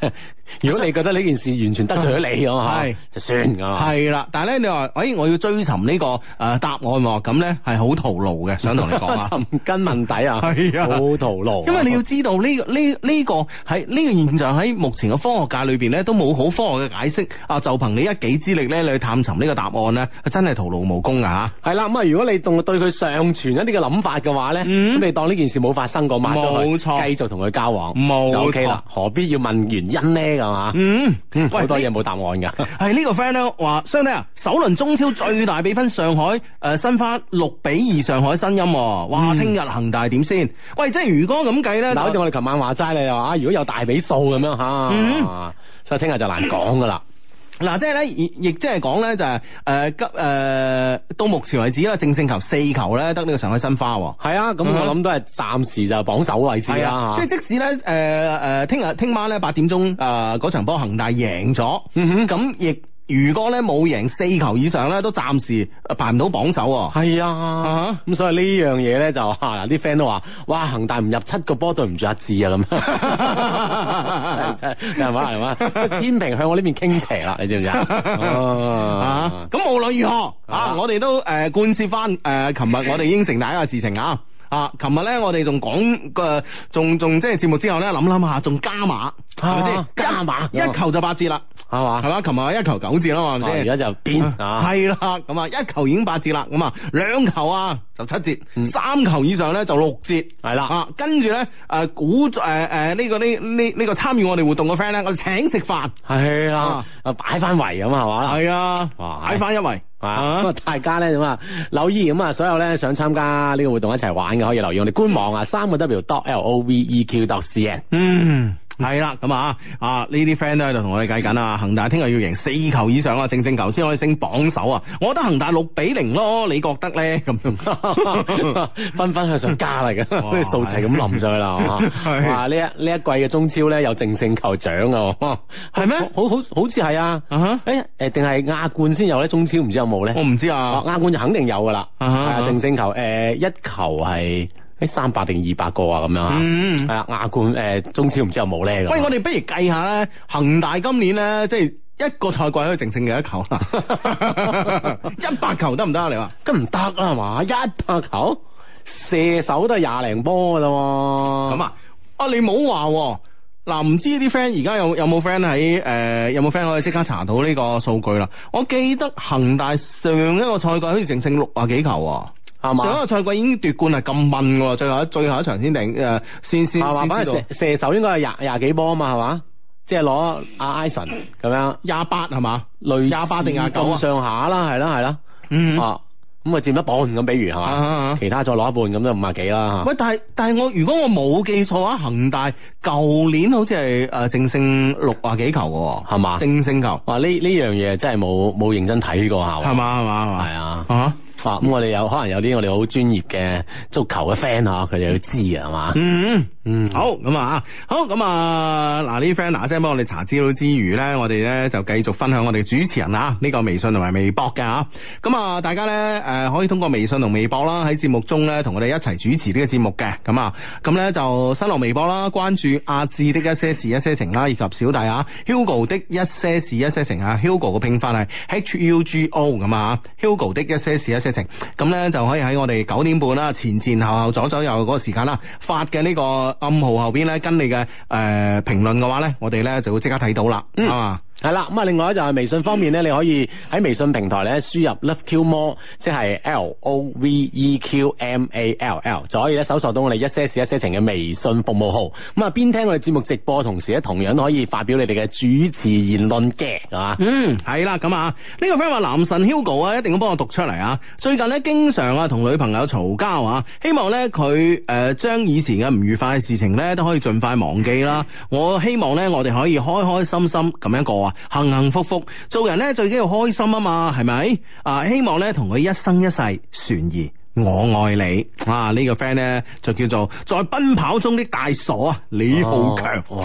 Speaker 1: 如果你覺得呢件事完全得罪咗你，咁啊就
Speaker 3: 算噶。係
Speaker 1: 啦，但係咧，你話，哎，我要追尋呢、這個誒、呃、答案喎，咁咧係好徒勞嘅，想同你講 啊。尋根問底啊，係啊，好徒勞。因為你要知道呢、這個呢呢、這個喺呢、這個這個這個現象喺目前嘅科學界裏邊咧，都冇好科學嘅解釋。啊，就憑你一己之力咧，你去探尋呢個答案咧，真係徒勞無功噶吓。係啦、嗯，咁啊、嗯，如果你仲對佢上傳一啲嘅諗法嘅話咧，咁、嗯、你當呢件事冇發生過，冇錯，繼錯續同佢交往，錯就 ok 啦。何必要問原因呢？係嗯，好喂多嘢冇答案噶喂。係呢、 這個 friend 咧話，兄弟啊，首輪中超最大比分上海誒、呃，申花六比二上海申鑫。哇，聽日恒大點先？喂，即係如果咁計咧，嗱，好似我哋琴晚話齋你話如果有大比數咁樣吓，所以聽日就難講噶啦。嗯 嗱，即係咧，亦亦即係講咧，就係誒，今誒到目前為止啦，正勝球四球咧，得呢個上海申花。係啊，咁我諗都係暫時就榜首位置啦。即係即使咧，誒、呃、誒，聽日聽晚咧八點鐘誒嗰場波恒大贏咗，咁亦、嗯哼。如果咧冇贏四球以上咧，都暫時排唔到榜首喎。係啊，咁所以呢樣嘢咧就，啲 friend 都話，哇恒大唔入七個波對唔住阿志啊咁。
Speaker 2: 係嘛係
Speaker 1: 嘛，天平向我呢邊傾斜啦，你知唔知啊？
Speaker 2: 咁無論如何
Speaker 1: 啊，我哋都誒、呃、貫徹翻誒，琴、呃、日我哋應承大家嘅事情啊。啊！琴日咧，我哋仲講個仲仲即係節目之後咧，諗諗下，仲加碼係咪先？加碼一球就八折啦，係嘛？係嘛？琴日一球九折啦，係咪先？而家就變係啦。咁啊，一球已經八折啦。咁啊，兩球啊，就七折。三球以上咧就六折，係啦。跟住咧，誒，估誒誒呢個呢呢呢個參與我哋活動嘅 friend 咧，我哋請食飯。係啊，啊擺翻圍咁係嘛？係啊，擺翻一圍。啊！咁啊、uh-huh. 大家咧咁啊留意，咁啊所有咧想參加呢個活動一齊玩嘅可以留意我哋官網啊，三個 W dot L O V E Q dot C N。嗯。係啦，咁啊，啊呢啲 friend 都喺度同我哋計緊啊。恒大聽日要贏四球以上啊，正勝球先可以升榜首啊！我覺得恒大六比零咯，你覺得咧？咁分分向上加嚟嘅，跟住數齊咁淋咗去啦。哇！呢是、啊、一呢一季嘅中超咧有正勝球獎噶，係、啊、咩嗎？好好好似係啊！誒誒、uh，定係亞冠先有咧？中超唔知有冇咧？我唔知啊。亞、啊、冠就肯定有噶啦，係啊、uh！Huh. 正勝球，誒、呃，一球係。三百定二百個啊，咁樣啊，係、嗯、啊，亞冠誒、呃、中超唔知有冇咧、啊、喂，我哋不如計下咧，恒大今年咧，即係一個賽季可以淨勝幾多球啊？一百球得唔得啊？你話？咁唔得啊嘛，一百球，射手都係廿零波㗎喇喎？咁啊，啊你冇話嗱，唔知啲 friend 而家有有冇 friend 喺誒，有冇 friend 可以即刻查到呢個數據啦？我記得恒大上一個賽季好似淨勝六啊幾球。啊。啊嘛！上個賽季已經奪冠係咁慢噶喎，最後最後一場先定誒，先先知射手應該係廿廿幾波啊嘛，係嘛？即係攞阿埃神咁樣，廿八係嘛？類似廿八定廿九上下啦，係啦，係啦。嗯。啊，咁啊占一榜咁，比如係嘛？其他再攞一半，咁都五廿幾啦。喂，但係但係我如果我冇記錯嘅話，恒大舊年好似係誒淨勝六啊幾球噶喎，係嘛？正勝球。哇！呢呢樣嘢真係冇冇認真睇過下。係嘛？係嘛？係啊。啊？咁我哋有可能有啲我哋好專業嘅足球嘅 friend 啊，佢哋要知啊，係嘛？嗯嗯，
Speaker 3: 好，
Speaker 1: 咁啊，好，咁啊，嗱，呢啲 friend 啊，嗱聲幫我哋查資料之餘呢，我哋呢就繼續分享我哋主持人啊，呢個微信同埋微博嘅啊，咁啊，大家呢，誒、啊，可以通過微信同微博啦，喺節目中呢，同我哋一齊主持呢個節目嘅，咁啊，咁、啊、呢就新浪微博啦，關注阿志的一些事一些情啦，以及小弟啊，Hugo 的一些事一些情啊，Hugo 嘅拼法係 H U G O 咁啊，Hugo 的一些事一些。咁呢就可以喺我哋九點半啦，前前後後左左右右嗰個時間啦，發嘅呢個暗號後邊呢，跟你嘅誒評論嘅話呢，我哋呢就會即刻睇到啦。係啦、嗯，咁啊、嗯，另外呢，就係微信方面呢，你可以喺微信平台呢輸入 LoveQMore, l o v e q m o r e 即係 l o v e q m a l l，就可以咧搜索到我哋一些事一些情嘅微信服務號。咁啊，邊聽我哋節目直播同時呢，同樣都可以發表你哋嘅主持言論嘅，係嘛？嗯，係啦，咁啊，呢、這個 friend 話男神 Hugo 啊，一定要幫我讀出嚟啊！最近咧，經常啊同女朋友嘈交啊，希望咧佢誒將以前嘅唔愉快嘅事情咧都可以盡快忘記啦。我希望咧，我哋可以開開心心咁樣過啊，幸幸福福做人咧最緊要開心啊嘛，係咪啊？希望咧同佢一生一世，船兒。我愛你啊！這個、呢個 friend 咧就叫做在奔跑中的大傻啊，李浩強哇，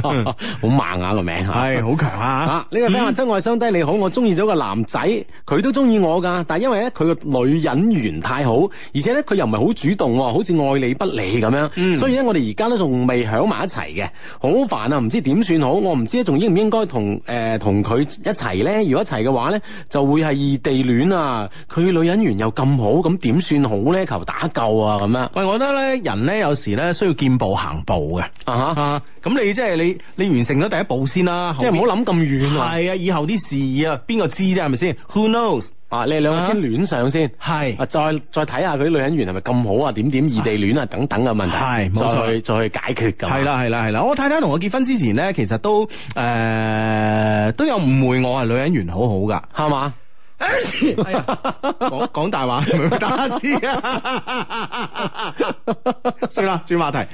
Speaker 1: 好猛啊個名係好強啊！呢個 friend 話、嗯、真愛相低你好，我中意咗個男仔，佢都中意我噶，但係因為咧佢個女人緣太好，而且咧佢又唔係好主動，好似愛理不理咁樣，嗯、所以咧我哋而家都仲未響埋一齊嘅，好煩啊！唔知點算好，我唔知仲應唔應該同誒同佢一齊咧？如果一齊嘅話咧，就會係異地戀啊！佢女人緣又咁好，咁點？點算好咧？求打救啊！咁樣，喂，我覺得咧，人咧有時咧需要見步行步嘅，啊哈啊！咁你即係你你完成咗第一步先啦，即係唔好諗咁遠。係啊，以後啲事啊，邊個知啫？係咪先？Who knows？啊，你哋兩個先戀上，先係啊，再再睇下佢啲女人緣係咪咁好啊？點點異地戀啊，等等嘅問題，係，再去再去解決咁。係啦，係啦，係啦！我太太同我結婚之前咧，其實都誒都有誤會，我係女人緣好好噶，係嘛。 哎、是是打乞嗤講講大話，打係打乞嗤啊！算啦，轉話題。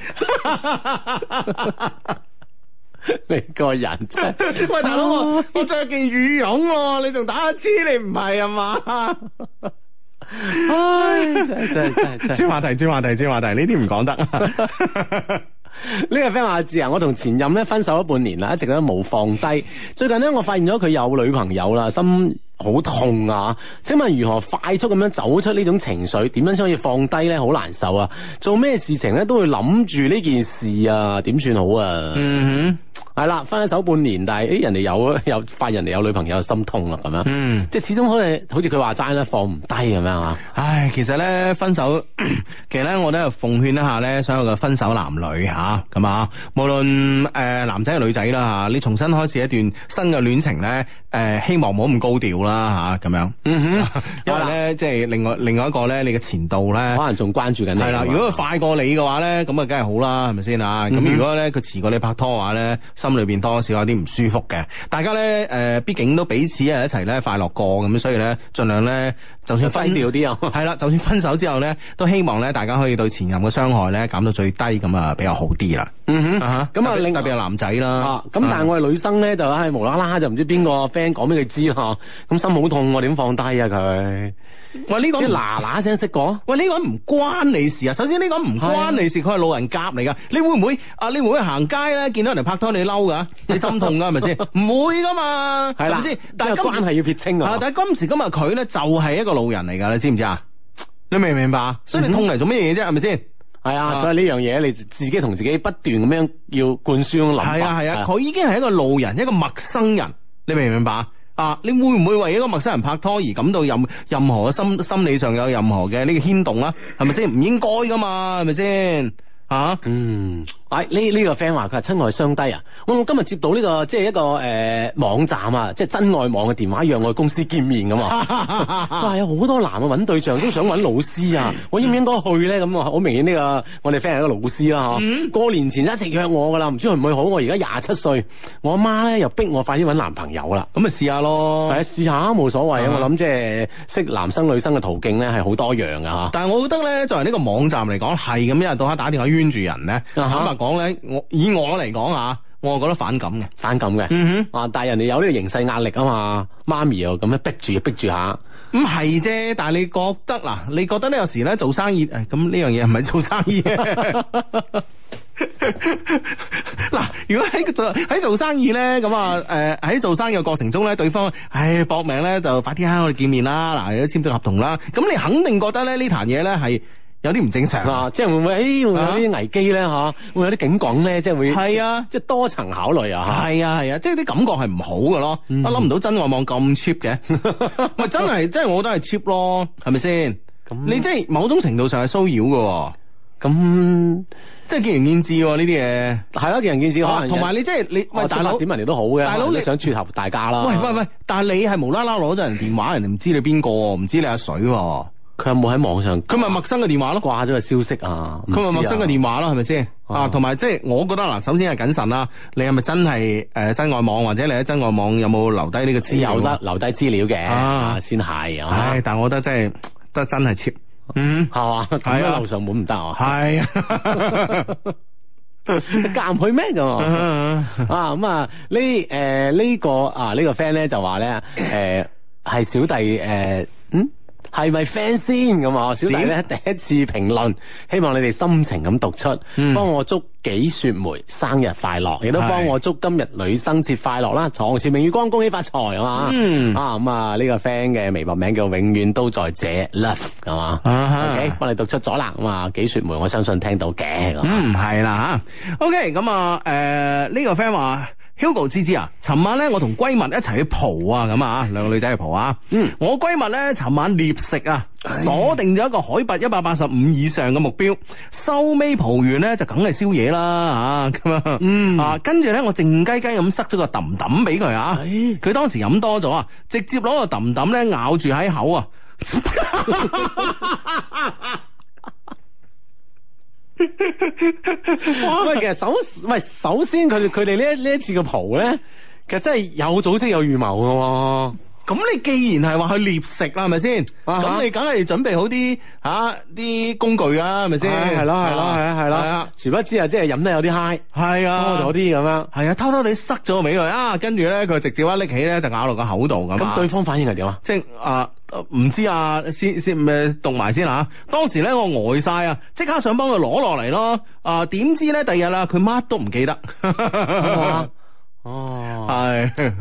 Speaker 1: 你個人真喂，大佬、啊、我着件羽絨，你仲打乞嗤？你
Speaker 3: 唔係啊嘛？唉、 哎，真真真
Speaker 1: 轉 話題，轉話題，轉話題，呢啲唔講得。呢個 friend 話字啊，我同前任咧分手咗半年啦，一直都冇放低。最近咧，我發現咗佢有女朋友啦，心。好痛啊！請問如何快速咁樣走出呢種情緒？點樣先可以放低呢？好難受啊！做咩事情呢都會諗住呢件事啊？點算好啊？嗯哼。係啦，分咗手半年，但係誒，人哋有有發，人哋有女朋友，心痛啦咁樣。嗯，即係始終好似好似佢話齋咧，放唔低咁樣吓。唉，其實咧分手，其實咧我都係奉勸一下咧所有嘅分手男女吓咁啊，啊，無論誒、呃、男仔女仔啦吓，你重新開始一段新嘅戀情咧，誒、呃、希望唔好咁高調啦吓咁樣、嗯。因為咧為了即係另外另外一個咧，你嘅前度咧可能仲關注緊你。係啦了，了如果佢快、嗯、過你嘅話咧，咁啊梗係好啦，係咪先吓？咁、嗯、如果咧佢遲過你拍拖嘅話咧？心裏邊多少有啲唔舒服嘅，大家咧誒，畢竟都彼此係一齊咧，快樂過咁，所以咧盡量咧，就算分，低調啲啊，係啦，就算分手之後咧，都希望咧，大家可以對前任嘅傷害咧減到最低，咁啊比較好啲啦。嗯哼，啊，咁啊，特別係男仔啦。啊，咁但係我哋女生咧就係無啦啦就唔知邊個 friend 講俾佢知咯，咁心好痛我點放低啊佢？喂，呢個嗱嗱聲識講？喂，呢個唔關你事啊！首先呢個唔關你事，佢係路人甲嚟噶。你會唔會啊？你會唔會行街咧見到人拍拖？你嬲噶，你心痛噶係咪先？唔會噶嘛，係咪先？但係關係要撇清啊！但係今時今日佢咧就係一個路人嚟噶，你知唔知啊？你明唔明白啊？所以你痛嚟做乜嘢啫？係咪先？係啊，所以呢樣嘢你自己同自己不斷咁樣要灌輸嗰種諗法。係啊係啊，佢已經係一個路人，一個陌生人，你明唔明白啊？你會唔會為一個陌生人拍拖而感到任任何嘅心心理上有任何嘅呢個牽動啊？係咪先？唔應該噶嘛，係咪先？吓？嗯。呢呢、哎，這個 friend 話佢係真愛雙低啊！我、嗯、我今日接到呢、這個即係一個誒、呃、網站啊，即係真愛網嘅電話，約我公司見面咁啊！
Speaker 3: 哇，
Speaker 1: 有好多男嘅揾對象都想揾老師啊， 我應唔應該去咧？咁啊，好明顯呢、這個我哋 friend 係一個老師啦、啊、吓。嗯、過年前一直約我噶啦，唔知會唔會好？我而家廿七歲，我阿媽咧又逼我快啲揾男朋友啦，咁咪 試下咯。係、哎、試下冇所謂啊！ 我諗即係識男生女生嘅途徑咧係好多樣噶吓。但係我覺得咧，作為呢個網站嚟講，係咁一日到黑打電話冤住人咧， 講咧，我以我嚟講啊，我係覺得反感嘅，反感嘅。嗯哼，啊，但係人哋有呢個形勢壓力啊嘛，媽咪又咁樣逼住，逼住下，唔係啫。但係你覺得嗱，你覺得呢，有時咧做生意，誒、哎，咁呢樣嘢唔係做生意嘅。嗱， 如果喺做喺做生意咧，咁、呃、啊，誒喺做生意嘅過程中咧，對方，誒、哎，搏命咧就快啲啦，我哋見面啦，嗱，簽咗合同啦，咁你肯定覺得咧呢壇嘢咧係。有啲唔正常啊！即係會唔會誒會有啲危機咧？吓會有啲警告咧？即係會係啊！即係多層考慮啊！係啊，係啊！即係啲感覺係唔好噶咯！我諗唔到真愛網咁 cheap 嘅，咪真係即係，我都係 cheap 咯，係咪先？你即係某種程度上係騷擾噶，咁即係見仁見智喎呢啲嘢係咯，見仁見智。可能同埋你即係你大佬點人哋都好嘅，大佬你想撮合大家啦。喂喂喂！但係你係無啦啦攞咗人電話，人哋唔知你邊個，唔知你阿水。佢有冇喺網上？佢咪陌生嘅電話咯，掛咗個消息
Speaker 3: 啊！佢咪陌生嘅
Speaker 1: 電話咯，係咪先？啊，同埋即係我覺得嗱，首先係謹慎啦。你係咪真係誒真愛網，或者你喺真愛網有冇留低呢個資料？有得留低資料嘅，先係。唉，但係我覺得真係，得真係
Speaker 3: cheap 嗯，係嘛？係啊，樓上
Speaker 1: 門唔得啊！係啊，你夾唔去咩咁啊？咁啊，呢誒呢個啊呢個 friend 咧就話咧誒係小弟誒嗯。係咪 f r i e n d 先咁啊？小弟咧樣第一次評論，希望你哋心情咁讀出，幫、嗯、我祝紀雪梅生日快樂，亦都幫我祝今日女生節快樂啦！床是前明月光，恭喜發財、嗯、啊嘛、嗯！啊咁、嗯、啊，呢個 f r i e n d 嘅微博名叫永遠都在這 love 咁嘛 o k 幫你讀出咗啦，咁啊，紀雪梅，我相信聽到嘅，啊、嗯，唔係啦吓，OK，咁啊，誒、okay，嗯，呢個 f r i e n d 話。啊啊啊啊啊啊 Hugo 芝芝啊，尋晚咧我同閨蜜一齊去蒲啊，咁啊吓，兩個女仔去蒲啊。嗯，我閨蜜咧尋晚獵食啊，鎖定咗一個海拔一百八十五以上嘅目標。收尾蒲完咧就梗係宵夜啦，吓咁啊。嗯，啊，跟住咧我靜雞雞咁塞咗個氹氹俾佢啊。佢當時飲多咗啊，直接攞個氹氹咧咬住喺口啊。 喂，其實首喂，首先佢哋佢哋呢一呢一次嘅蒲咧，其實真係有組織有預謀嘅喎。咁你既然係話去獵食啦，係咪先？啊，咁你梗係準備好啲吓啲工具啊，係咪先？係啦，係 啦樂，係啊，係啦。殊、네네、不知啊，即係飲得有啲 high，係啊，多咗啲咁樣。係啊，偷偷哋塞咗個尾佢啊，跟住咧佢直接咧拎起咧就咬落個口度咁。咁對方反應係點啊？即係啊唔知啊，先先咪凍埋先吓。當時咧我呆晒啊，即刻想幫佢攞落嚟咯。呃 no、啊，點知咧第二日啊佢乜都唔記得。哦 笑 in 是的，係、哎。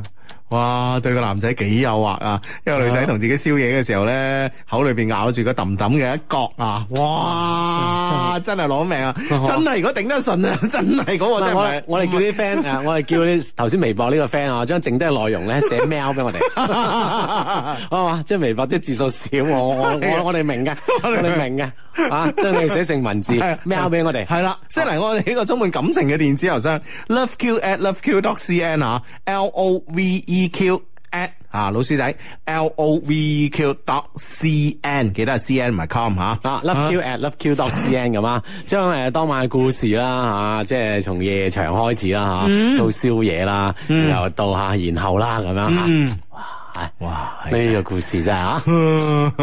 Speaker 1: 哇，對個男仔幾誘惑啊！一個女仔同自己宵夜嘅時候咧，口裏邊咬住個氹氹嘅一角啊！
Speaker 3: 哇，
Speaker 1: 真係攞命啊！真係如果頂得順啊，真係嗰個真係。我哋叫啲 friend，我哋叫啲頭先微博呢個 friend 啊，將剩低嘅內容咧寫 mail 俾我哋，
Speaker 3: 好嘛？
Speaker 1: 即係微博啲字數少，我我哋明嘅，我哋明嘅，
Speaker 3: 啊，將你寫
Speaker 1: 成文字 mail 俾我哋。係啦，即係嚟我哋呢個充滿感情嘅電子郵箱，loveq@loveq.cn 吓，L-O-V-E。Love Q at 啊，老鼠仔 L O V E Q dot C N，記得啊 C N 唔係 com 吓，Love Q at Love Q dot C N 咁啊，將誒當晚嘅故事啦吓，即係從夜場開始啦吓，到宵夜啦，又到吓然後啦咁樣吓，哇呢個故事
Speaker 3: 真係啊，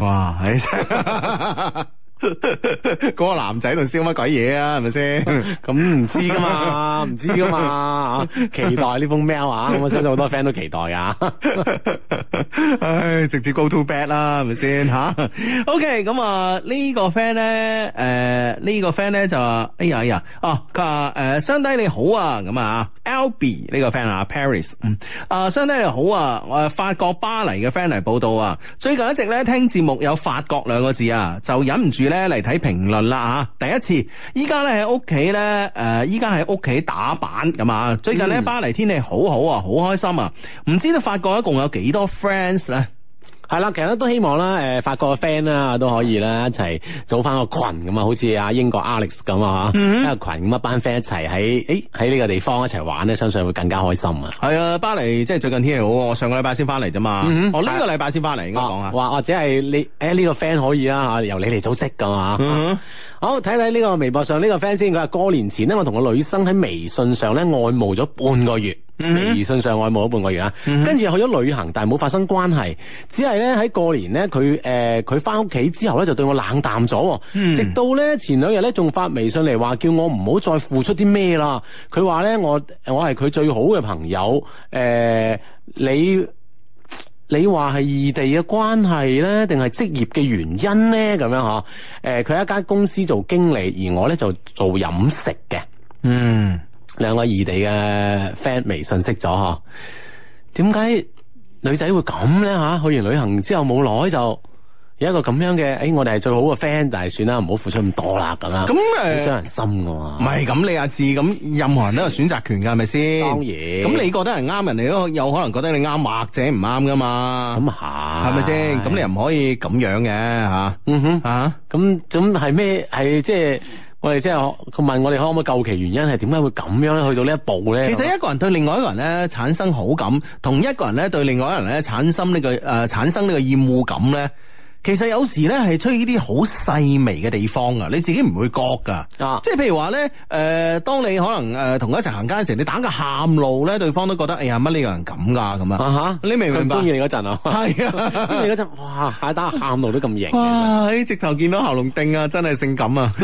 Speaker 3: 哇，係真。
Speaker 1: 嗰 個男仔喺度燒乜鬼嘢啊？係咪先？咁 唔知噶嘛，唔知噶嘛，期待呢封 mail 啊！咁我相信好多 friend 都期待啊！唉、 哎，直接 go to bed 啦、啊，係咪先吓？OK，咁、嗯、啊、這個、呢、呃這個 friend 咧，誒呢個 friend 咧就哎呀哎呀，啊佢話誒，兄弟你好啊，咁啊，Albi 呢個 friend 啊，Paris，嗯，嗯啊，兄弟你好啊，我、啊、係法國巴黎嘅 friend 嚟報道啊，最近一直咧聽節目有法國兩個字啊，就忍唔住。咧嚟睇評論啦吓，第一次依家咧喺屋企咧，誒、呃、依家喺屋企打板咁啊！嗯、最近咧巴黎天氣好好啊，好開心啊！唔知咧法國一共有幾多 friends 咧？係啦，其實都希望啦，誒、呃，法國嘅 friend 啦都可以啦，一齊組翻個群咁啊，好似阿英國 Alex 咁啊，吓、mm，hmm. 一個群咁一班 friend 一齊喺誒喺呢個地方一齊玩咧，相信會更加開心啊！係啊， 巴黎即係最近天氣好，我上個禮拜先翻嚟啫嘛，我呢、mm hmm. 哦這個禮拜先翻嚟應該講 啊，哇，或者係你誒呢、哎這個 friend 可以啊，吓，由你嚟組織噶嘛。Mm hmm. 啊好睇睇呢個微博上呢個 fans 先。佢話過年前呢，我同個女生喺微信上咧，愛慕咗半個月，mm hmm. 微信上愛慕咗半個月啊，跟住，mm hmm. 去咗旅行，但係冇發生關係，只係咧喺過年咧佢誒佢翻屋企之後咧就對我冷淡咗，mm hmm. 直到咧前兩日咧仲發微信嚟話叫我唔好再付出啲咩啦，佢話咧我我係佢最好嘅朋友，誒、呃、你。你話係異地嘅關係呢？定係職業嘅原因呢？咁樣嗬？誒、呃，佢一間公司做經理，而我呢就做飲食嘅。嗯，兩個異地嘅 friend 微信識咗嗬？點、啊、解女仔會咁呢？吓、啊、去完旅行之後冇耐就。一個咁樣嘅，誒、欸，我哋係最好嘅 friend，但係算啦，唔好付出咁多啦，咁啦，咁誒，傷人心嘅喎。唔係，咁你阿志咁，任何人都有選擇權噶，係咪先？當然。咁你覺得人啱，人哋都有可能覺得你啱，或者唔啱噶嘛。咁啊，係咪先？咁你又唔可以咁樣嘅吓。 嗯哼，啊， 咁，咁係咩？係即係我哋即係佢問我哋可唔可以究其原因係點解會咁樣咧？去到呢一步咧？其實一個人對另外一個人咧 產生好感，同一個人咧對另外一個人咧產生呢個誒產生，生、這個呃、產生個感呢個厭惡感咧。其實有時咧係出呢啲好細微嘅地方啊，你自己唔會覺噶，啊，即係譬如話咧，誒、呃，當你可能誒、呃、同佢一齊行街嘅時候，你打個喊路咧，對方都覺得，哎呀，乜呢個人咁噶，咁啊，吓，你明唔明白？中意你嗰陣啊，係啊，中意你嗰陣，哇，喺打喊路都咁型，啊。喺直頭見到喉嚨丁啊，真係性感啊！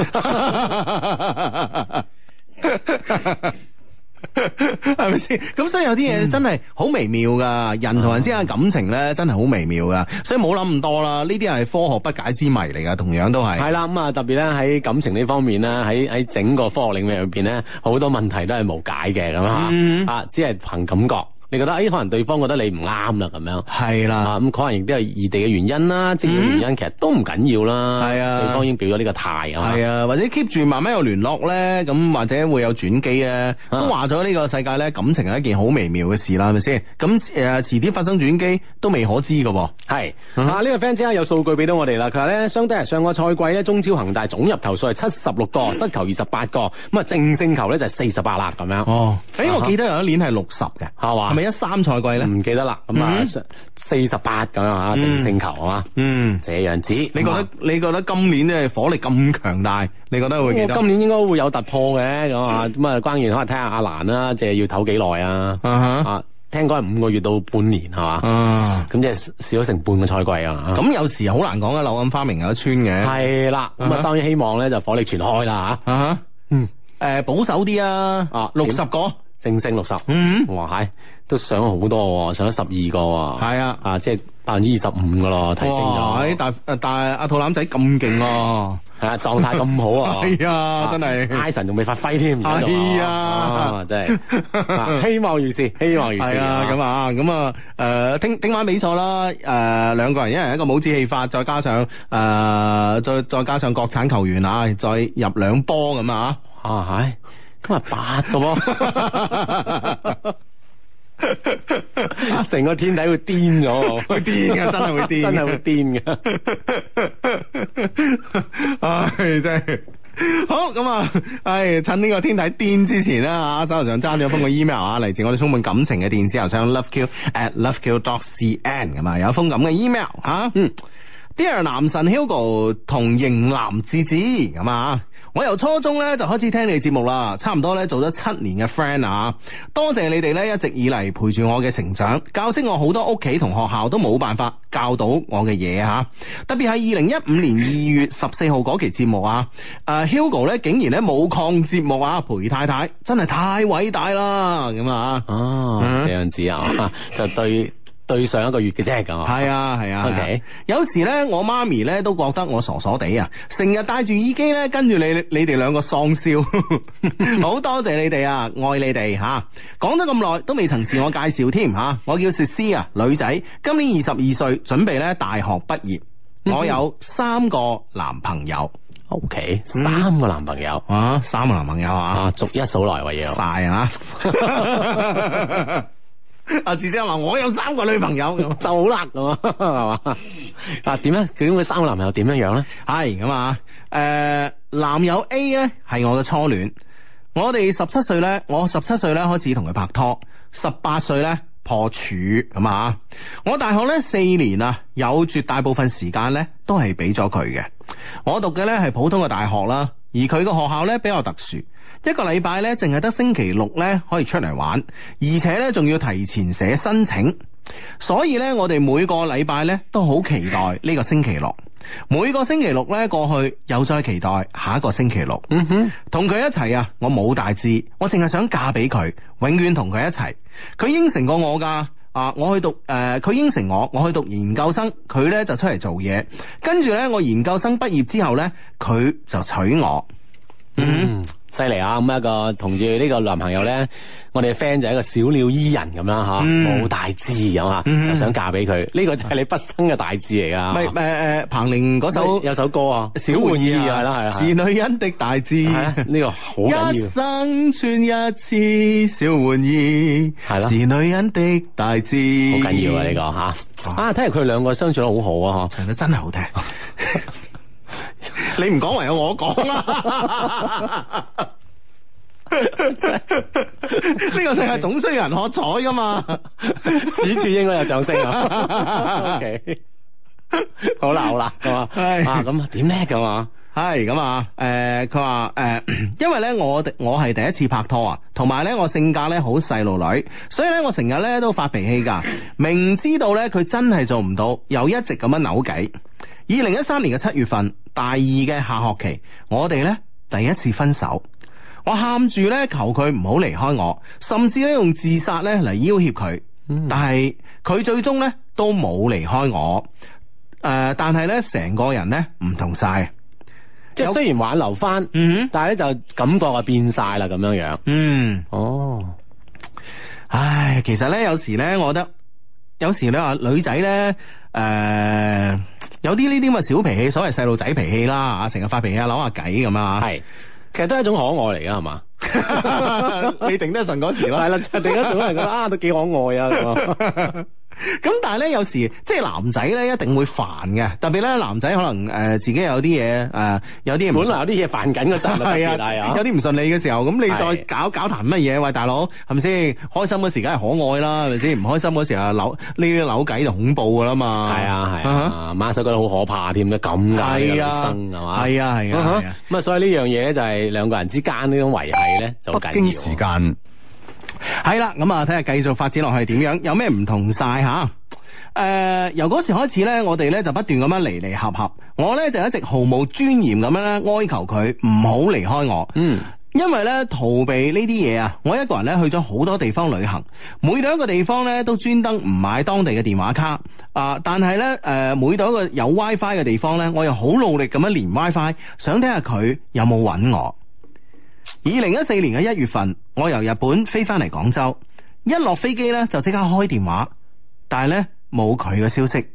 Speaker 1: 係咪先？咁 所以有啲嘢真係好微妙噶，嗯、人同人之間感情咧真係好微妙噶，啊、所以冇諗咁多啦。呢啲係科學不解之謎嚟噶，同樣都係。係啦、嗯，咁啊，特別咧喺感情呢方面咧，喺喺整個科學領域入邊咧，好多問題都係無解嘅咁啊，嗯、啊，只係憑感覺。你覺得哎，可能對方覺得你唔啱啦，咁樣係啦，咁可能亦都係異地嘅原因啦，職業原因其實都唔緊要啦。係啊，對方已經表咗呢個態啊。係啊，或者 keep 住慢慢有聯絡咧，咁或者會有轉機咧。都話咗呢個世界咧，感情係一件好微妙嘅事啦，係咪先？咁誒，遲啲發生轉機都未可知嘅喎。係啊，呢個 friend 即刻有數據俾到我哋啦。佢話咧，相對上個賽季咧，中超恒大總入球數係七十六個，失球二十八個，咁啊正勝球咧就係四十八啦咁樣。哦，誒，我記得有一年係六十嘅，係嘛？第一三賽季咧，唔記得啦。咁啊，四十八咁樣啊，淨星球係嘛，嗯，這樣子。你覺得你覺得今年咧火力咁強大，你覺得會？今年應該會有突破嘅咁啊。咁啊，關鍵可能睇下阿蘭啦，即係要唞幾耐啊。啊，聽講係五個月到半年係嘛。啊，咁即係少咗成半個賽季啊。咁有時好難講嘅，柳暗花明又一村嘅。係啦，咁啊，當然希望咧就火力全開啦。吓，嗯，誒，保守啲啊，啊，六十個。正升六十，嗯，哇，係都上咗好多，上咗十二個，係啊，啊，即係百分之二十五噶咯，提升咗。哇，但但阿肚腩仔咁勁哦，係啊，狀態咁好啊，哎啊，真係。Ison 仲未發揮添，係啊，真係。希望如是，希望如是，啊，咁啊，咁啊，誒，聽聽晚比賽啦，誒，兩個人一人一個帽子戲法，再加上誒，再再加上國產球員啊，再入兩波咁啊，啊，係。今日八個喎，成 個天底會癲咗， 會癲嘅，真係會癲， 哎，真係會癲嘅。唉，真係好咁啊！唉，哎，趁呢個天底癲之前啦，啊，手頭上揸住有封嘅 email 啊，嚟自我哋充滿感情嘅電子郵箱 Love Q at Love Q dot C N 咁啊，有封咁嘅 email 吓。嗯。Dear 男神 Hugo 同型男志志咁啊！我由初中咧就開始聽你節目啦，差唔多咧做咗七年嘅 friend 啊！多謝你哋咧一直以嚟陪住我嘅成長，教識我好多屋企同學校都冇辦法教到我嘅嘢吓。特別係二零一五年二月十四號嗰期節目啊，誒 Hugo 咧竟然咧冇曠節目啊，陪太太真係太偉大啦！咁啊，哦、啊，這樣子啊， 就對。對上一個月嘅啫咁，係啊係啊。OK，有時呢，我媽咪呢都覺得我傻傻地啊，成日戴住耳機呢，跟住你，你哋兩個喪笑。好 多謝你哋啊，愛你哋嚇、啊。講咗咁耐都未曾自我介紹添嚇、啊，我叫雪絲啊，女仔，今年二十二歲，準備呢大學畢業。嗯、哼我有三個男朋友。OK，、嗯、三個男朋友啊，三個男朋友啊，啊逐一數來喎要。快啊！阿志、啊、姐話我有三個女朋友 就好啦，係嘛？ 啊點咧？究竟佢三個男朋友點樣 樣咧？係咁啊？誒，男友 A 咧係我嘅初戀，我哋十七歲咧，我十七歲咧開始同佢拍拖，十八歲咧破處咁啊！我大學咧四年啊，有絕大部分時間咧都係俾咗佢嘅。我讀嘅咧係普通嘅大學啦，而佢嘅學校咧比較特殊。一個禮拜咧，淨係得星期六咧可以出嚟玩，而且咧仲要提前寫申請。所以咧，我哋每個禮拜咧都好期待呢個星期六。每個星期六咧過去，又再期待下一個星期六。嗯哼，同佢一齊啊！我冇大志，我淨係想嫁俾佢，永遠同佢一齊。佢應承過我噶啊！我去讀誒，佢、呃、應承我，我去讀研究生，佢咧就出嚟做嘢。跟住咧，我研究生畢業之後咧，佢就娶我。嗯哼。犀利啊！咁一個同住呢個男朋友咧，我哋嘅 friend 就一個小鳥依人咁啦吓，冇、嗯、大志咁啊，嗯、就想嫁俾佢。呢、這個就係你畢生嘅大志嚟噶。係誒誒，彭玲嗰首、嗯嗯、有首歌啊，《小玩意》係啦係啦， 是女人的大志。呢個好緊要。一生穿一次小玩意，係啦，是女人的大志。好緊要啊！呢、這個吓啊，睇嚟佢兩個相處得好好啊！唱得、啊、真係好聽。 你唔講，唯有我講啦。呢個世界總需要人喝彩噶嘛，此處應該有掌聲啊。好啦，好啦，咁啊，咁啊點咩噶嘛？係咁啊，誒，佢話誒，因為咧我我係第一次拍拖啊，同埋咧我性格咧好細路女，所以咧我成日咧都發脾氣噶，明知道咧佢真係做唔到，又一直咁樣扭計。二零一三年嘅七月份，大二嘅下學期，我哋呢第一次分手，我喊住呢，求佢唔好離開我，甚至咧用自殺呢嚟要挾佢，嗯、但係佢最終呢都冇離開我，誒、呃，但係呢，成個人呢唔同晒，即係是有雖然挽留翻，嗯、哼但係咧就感覺啊變晒啦咁樣樣。嗯，哦，唉，其實呢，有時呢，我覺得有時你話女仔呢。誒、呃。呃有啲呢啲咁嘅小脾氣，所謂細路仔脾氣啦，吓成日發脾氣啊，扭下偈咁啊，係，其實都係一種可愛嚟噶，係嘛，
Speaker 3: 你
Speaker 1: 頂 得順嗰時咯，係啦， 頂得順嗰陣覺得啊，都幾可愛啊咁啊。 咁但係咧，有時即係男仔咧，一定會煩嘅。特別咧，男仔可能誒，自己有啲嘢誒，有啲本來有啲嘢煩緊個仔，係啊，有啲唔順利嘅時候，咁你再搞搞談乜嘢？喂，大佬，係咪先？開心嗰時梗係可愛啦，係咪先？唔開心嗰時候扭呢扭計就恐怖噶啦嘛。係啊係啊，抹手覺得好可怕添，咁嘅人生
Speaker 2: 係嘛？係啊係啊，咁
Speaker 1: 啊，所以呢樣嘢就係兩個人之間呢種維繫咧，就好緊要。係啦，咁啊，睇下繼續發展落去點樣，有咩唔同晒吓？誒，由、呃、嗰時開始呢，我哋呢就不斷咁樣離離合合。我呢就一直毫無尊嚴咁樣呢哀求佢唔好離開我。嗯，因為呢逃避呢啲嘢啊，我一個人呢去咗好多地方旅行，每到一個地方呢都專登唔買當地嘅電話卡啊、呃，但係呢，誒、呃，每到一個有 WiFi 嘅地方呢，我又好努力咁樣連 WiFi，想睇下佢有冇揾我？二零一四年嘅一月份，我由日本飛翻嚟廣州，一落飛機呢，就即刻開電話，但係呢，冇佢嘅消息。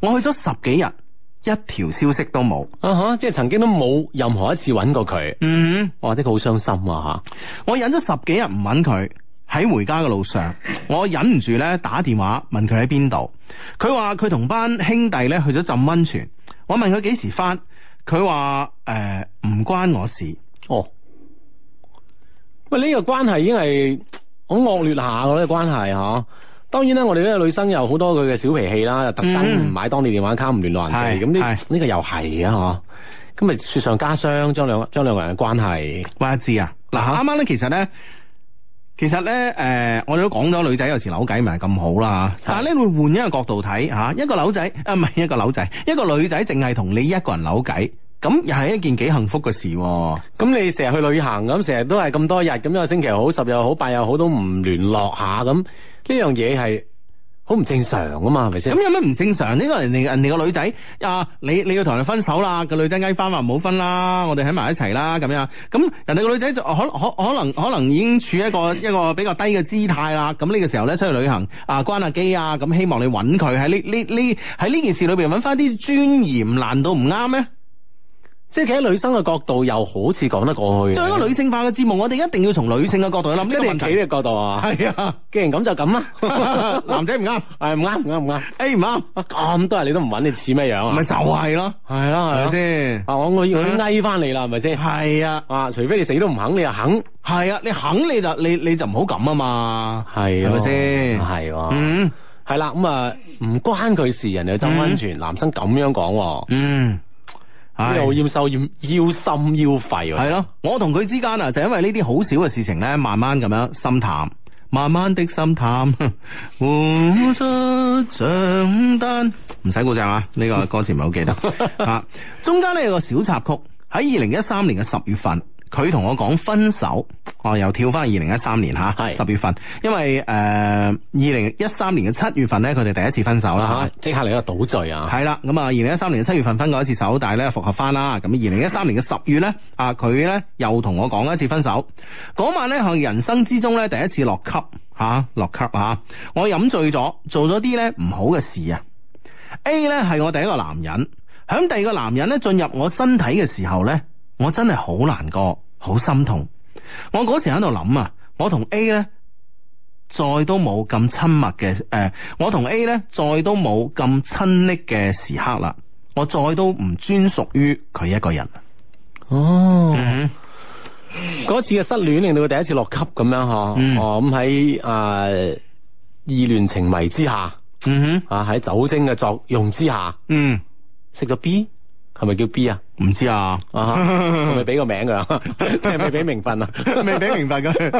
Speaker 1: 我去咗十幾日，一條消息都冇啊！吓、uh，huh, 即係曾經都冇任何一次揾過佢。嗯、uh，我話得佢好傷心啊！我忍咗十幾日唔揾佢。喺回家嘅路上，我忍唔住呢，打電話問佢喺邊度。佢話佢同班兄弟呢去咗浸溫泉。我問佢幾時翻？佢話誒唔關我事哦。Oh. 喂，呢個關係已經係好惡劣下、呢個咧關係嗬。當然啦，我哋呢個女生有好多佢嘅小脾氣啦，嗯、特登唔買當地電話卡唔聯絡人哋，咁呢呢個又係啊嗬。咁咪雪上加霜，將兩將兩個人嘅關係。話一知啊，嗱、啊，啱啱咧其實咧，其實咧誒、呃，我哋都講咗女仔有時扭計唔係咁好啦。但係咧會換一個角度睇吓、啊，一個扭仔啊唔係一個扭仔，一個女仔淨係同你一個人扭計。咁又係一件幾幸福嘅事，啊，咁 你成日去旅行，咁成日都係咁多日，咁、嗯、一個星期又好，十又好，八又好，都唔聯絡下，咁呢樣嘢係好唔正常啊嘛，係咪先？咁 有咩唔正常？呢個人哋人哋個女仔啊，你你要同佢分手啦，個女仔嗌翻話唔好分啦，我哋喺埋一齊啦，咁樣，咁人哋個女仔就可可可，可能可能已經處一個一個比較低嘅姿態啦，咁呢個時候咧出去旅行啊，關下機啊，咁、啊、希望你揾佢喺呢呢呢喺呢件事裏邊揾翻啲尊嚴，難道唔啱咩？即係企喺女生嘅角度，又好似講得過去。作為一個女性化嘅節目，我哋一定要從女性嘅角度去諗。即係企呢個角度啊！係啊，既然咁就咁啦。男仔唔啱，係唔啱，唔啱，唔啱。誒，唔啱。咁多日你都唔揾，你似咩樣啊？咪就係咯，係啦，係咪先？我我我都拉翻你啦，係咪先？係啊。啊，除非你死都唔肯，你就肯。係啊，你肯你就你你就唔好咁啊嘛。係，係咪先？係喎。嗯，係啦，咁啊，唔關佢事，人哋去浸溫泉，男生咁樣講。嗯。又要瘦要要心要肺，係咯。我同佢之間啊，就是、因為呢啲好少嘅事情咧，慢慢咁樣心淡，慢慢的心淡，付出帳單，唔使顧帳啊。呢、這個歌詞唔係好記得。吓、 啊，中間呢有個小插曲，喺二零一三年嘅十月份。佢同我講分手，我、哦、又跳翻去二零一三年吓，十、啊、是月份，因為誒二零一三年嘅七月份咧，佢哋第一次分手啦，即係嚟個賭罪啊，係啦，咁啊二零一三年嘅七月份分過一次手，但係咧復合翻啦，咁二零一三年嘅十月咧，啊佢咧又同我講一次分手，嗰晚咧係人生之中咧第一次落級吓、啊，落級吓、啊，我飲醉咗，做咗啲咧唔好嘅事啊，A 咧係我第一個男人，響第二個男人咧進入我身體嘅時候咧，我真係好難過。好心痛，我嗰時喺度諗啊，我同 A 咧再都冇咁親密嘅，誒、呃，我同 A 咧再都冇咁親昵嘅時刻啦，我再都唔專屬於佢一個人。哦，嗰、嗯、哼次嘅失戀令到佢第一次落級咁樣，嗬、嗯哼，哦咁喺誒意亂情迷之下，嗯哼啊喺酒精嘅作用之下，嗯哼，識個 B。係咪叫 B 啊？唔知啊，係咪俾個名佢？係咪俾名分啊？未俾名分佢。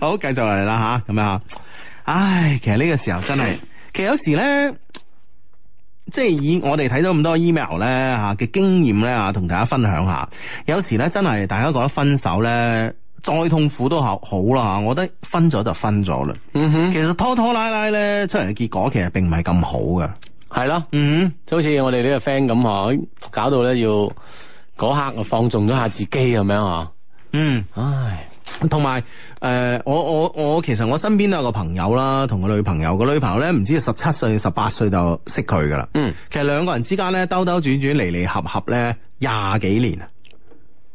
Speaker 1: 好，繼續嚟啦吓，咁樣。唉，其實呢個時候真係，是其實有時咧，即係以我哋睇咗咁多 email 咧吓嘅經驗咧吓，同、啊、大家分享下。有時咧真係，大家覺得分手咧再痛苦都好好啦，啊、我覺得分咗就分咗啦。嗯、哼，其實拖拖拉拉咧出嚟嘅結果，其實並唔係咁好噶。係咯，嗯，就好似我哋呢個 friend 咁嗬，搞到咧要嗰刻放縱咗下自己咁樣啊。嗯，
Speaker 3: 唉，
Speaker 1: 同埋誒，我我我其實我身邊都有個朋友啦，同個女朋友，個女朋友咧唔知十七歲、十八歲就識佢噶啦，嗯，其實兩個人之間咧兜兜轉轉，轉、離離合合咧廿幾年，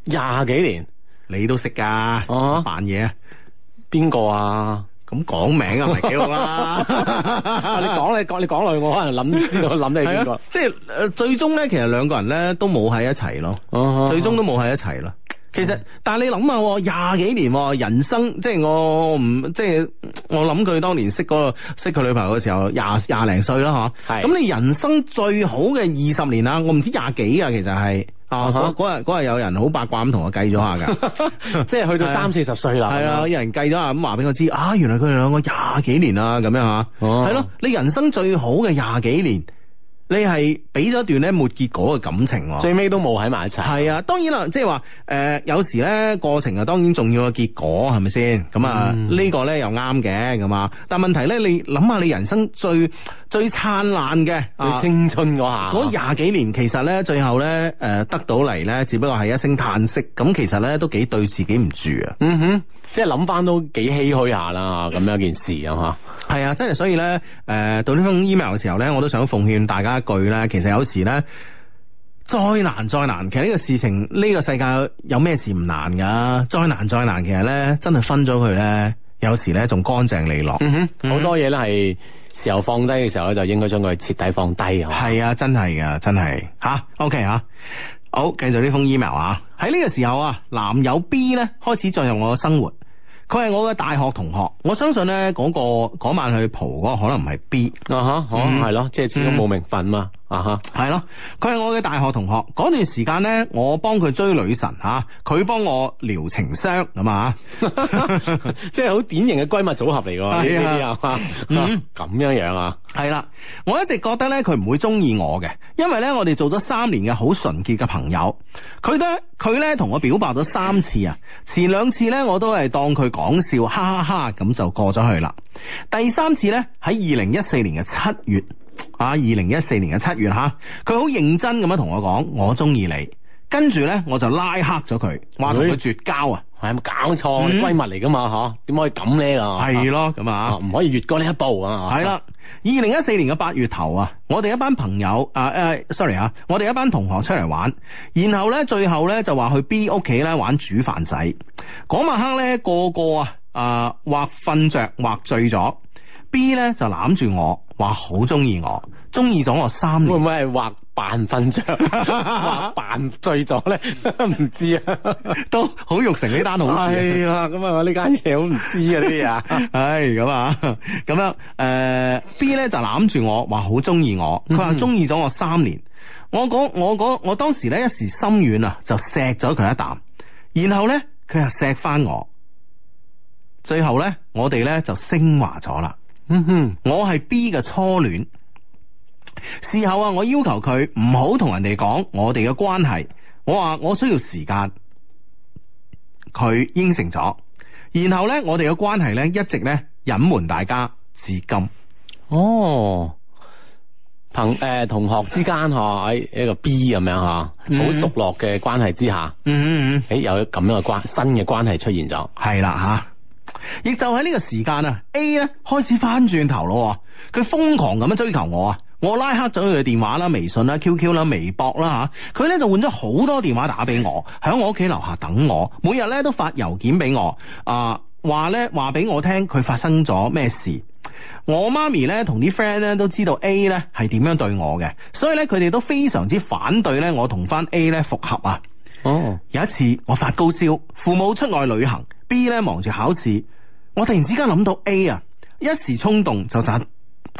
Speaker 1: 年啊，廿幾年你都識噶，哦，扮嘢，邊個啊？咁講名啊，唔係幾好啦。你講你講你講落去，我可能諗知道諗你係邊個。即係誒、呃，最終咧，其實兩個人咧都冇喺一齊咯。哦、最終都冇喺一齊咯。哦、其實，但係你諗下，廿幾年，人生即係我唔即係我諗佢當年識嗰、嗰個識佢女朋友嘅時候，廿廿零歲咯，嗬是。咁你人生最好嘅二十年啦，我唔知廿幾啊，其實係。嗰、uh huh. 日嗰日有人好八卦咁同我計咗下噶， 即係去到三四十歲啦。係啊是，有人計咗啊，咁話俾我知啊，原來佢哋兩個廿幾年啦，咁樣吓。哦、uh，係、huh. 咯，你人生最好嘅廿幾年。你係俾咗段咧沒結果嘅感情、啊，最尾都冇喺埋一齊、啊。係啊，當然啦，即係話誒，有時咧過程啊，當然重要嘅結果係咪先？咁、嗯、啊，嗯、個呢個咧又啱嘅咁啊。但係問題咧，你諗下你人生最最燦爛嘅最青春嗰下、啊，嗰廿幾年其呢呢、呃，其實咧最後咧誒得到嚟咧，只不過係一聲嘆息。咁其實咧都幾對自己唔住啊。嗯哼。即係諗翻都幾唏噓下啦，咁樣件事啊，係 啊，真係所以呢，誒、呃，到呢封 email 嘅時候呢，我都想奉勸大家一句咧，其實有時呢，再難再難，其實呢個事情呢、呢個世界有咩事唔難噶，再難再難，其實呢，真係分咗佢呢。有時呢，仲乾淨利落，好、嗯嗯、多嘢呢，係時候放低嘅時候呢，就應該將佢徹底放低啊，係 啊，真係噶，真係吓、啊，OK 啊，好，繼續呢封 email 啊，喺呢個時候啊，男友 B 呢，開始進入我嘅生活。佢係我嘅大學同學，我相信咧、那、嗰個嗰、那個那個、晚去蒲嗰個可能唔係 B 啊吓，可能係咯，即係始終冇名份啊嘛。啊哈，係咯，佢係我嘅大學同學。嗰段時間呢，我幫佢追女神，吓佢幫我療情傷咁啊， 即係好典型嘅閨蜜組合嚟嘅。咁樣樣啊，係啦，我一直覺得呢，佢唔會中意我嘅，因為呢，我哋做咗三年嘅好純潔嘅朋友。佢呢，佢呢，同我表白咗三次啊，前兩次呢，我都係當佢講笑，哈哈哈咁就過咗去啦。第三次呢，喺二零一四年嘅七月。啊！二零一四年嘅七月吓，佢、啊、好認真咁樣同我講，我中意你。跟住呢，我就拉黑咗佢，話同佢絕交啊！係咪搞錯？閨蜜嚟噶嘛？吓、嗯，點可以咁呢？的啊，係咯，咁啊，唔可以越過呢一步啊！係啦，二零一四年嘅八月頭啊，我哋一班朋友啊誒、啊、，sorry 啊，我哋一班同學出嚟玩，然後呢，最後呢，就話去 B 屋企呢玩煮飯仔。嗰晚黑呢，個個啊啊，或瞓着，或、啊、醉咗。B 咧就攬住我，話好中意我，中意咗我三年。會唔會係畫扮瞓着，畫扮 醉咗咧？唔 知道啊， 都好肉成呢單好事。係啊，咁啊、 哎，呃、呢間嘢好唔知啊，呢啲啊，唉，咁啊，咁樣誒。B 咧就攬住我，話好中意我，佢話中意咗我三年。我講我講，我當時咧一時心軟啊，就錫咗佢一啖，然後咧佢又錫翻我，最後咧我哋咧就升華咗啦。嗯哼，我係 B 嘅初戀。事後啊，我要求佢唔好同人哋講我哋嘅關係。我話我需要時間，佢應承咗。然後呢，我哋嘅關係呢，一直呢隱瞞大家至今。哦，朋誒、呃、同學之間吓喺、啊哎、一個 B 咁樣吓，好、啊嗯、哼熟絡嘅關係之下，嗯嗯嗯、哎，有咁樣嘅關新嘅關係出現咗，係啦吓。亦就喺呢個時間啊，A 咧開始翻轉頭咯，佢瘋狂咁樣追求我啊！我拉黑咗佢嘅電話啦、微信啦、QQ 啦、微博啦吓，佢咧就換咗好多電話打俾我，響我屋企樓下等我，每日咧都發郵件俾我啊、呃，話咧話俾我聽佢發生咗咩事。我媽咪咧同啲 friend 咧都知道 A 咧係點樣對我嘅，所以咧佢哋都非常之反對咧我同翻 A 咧復合啊。哦，有一次我發高燒，父母出外旅行。B 咧忙住考試，我突然之間諗到 A 啊，一時衝動就打，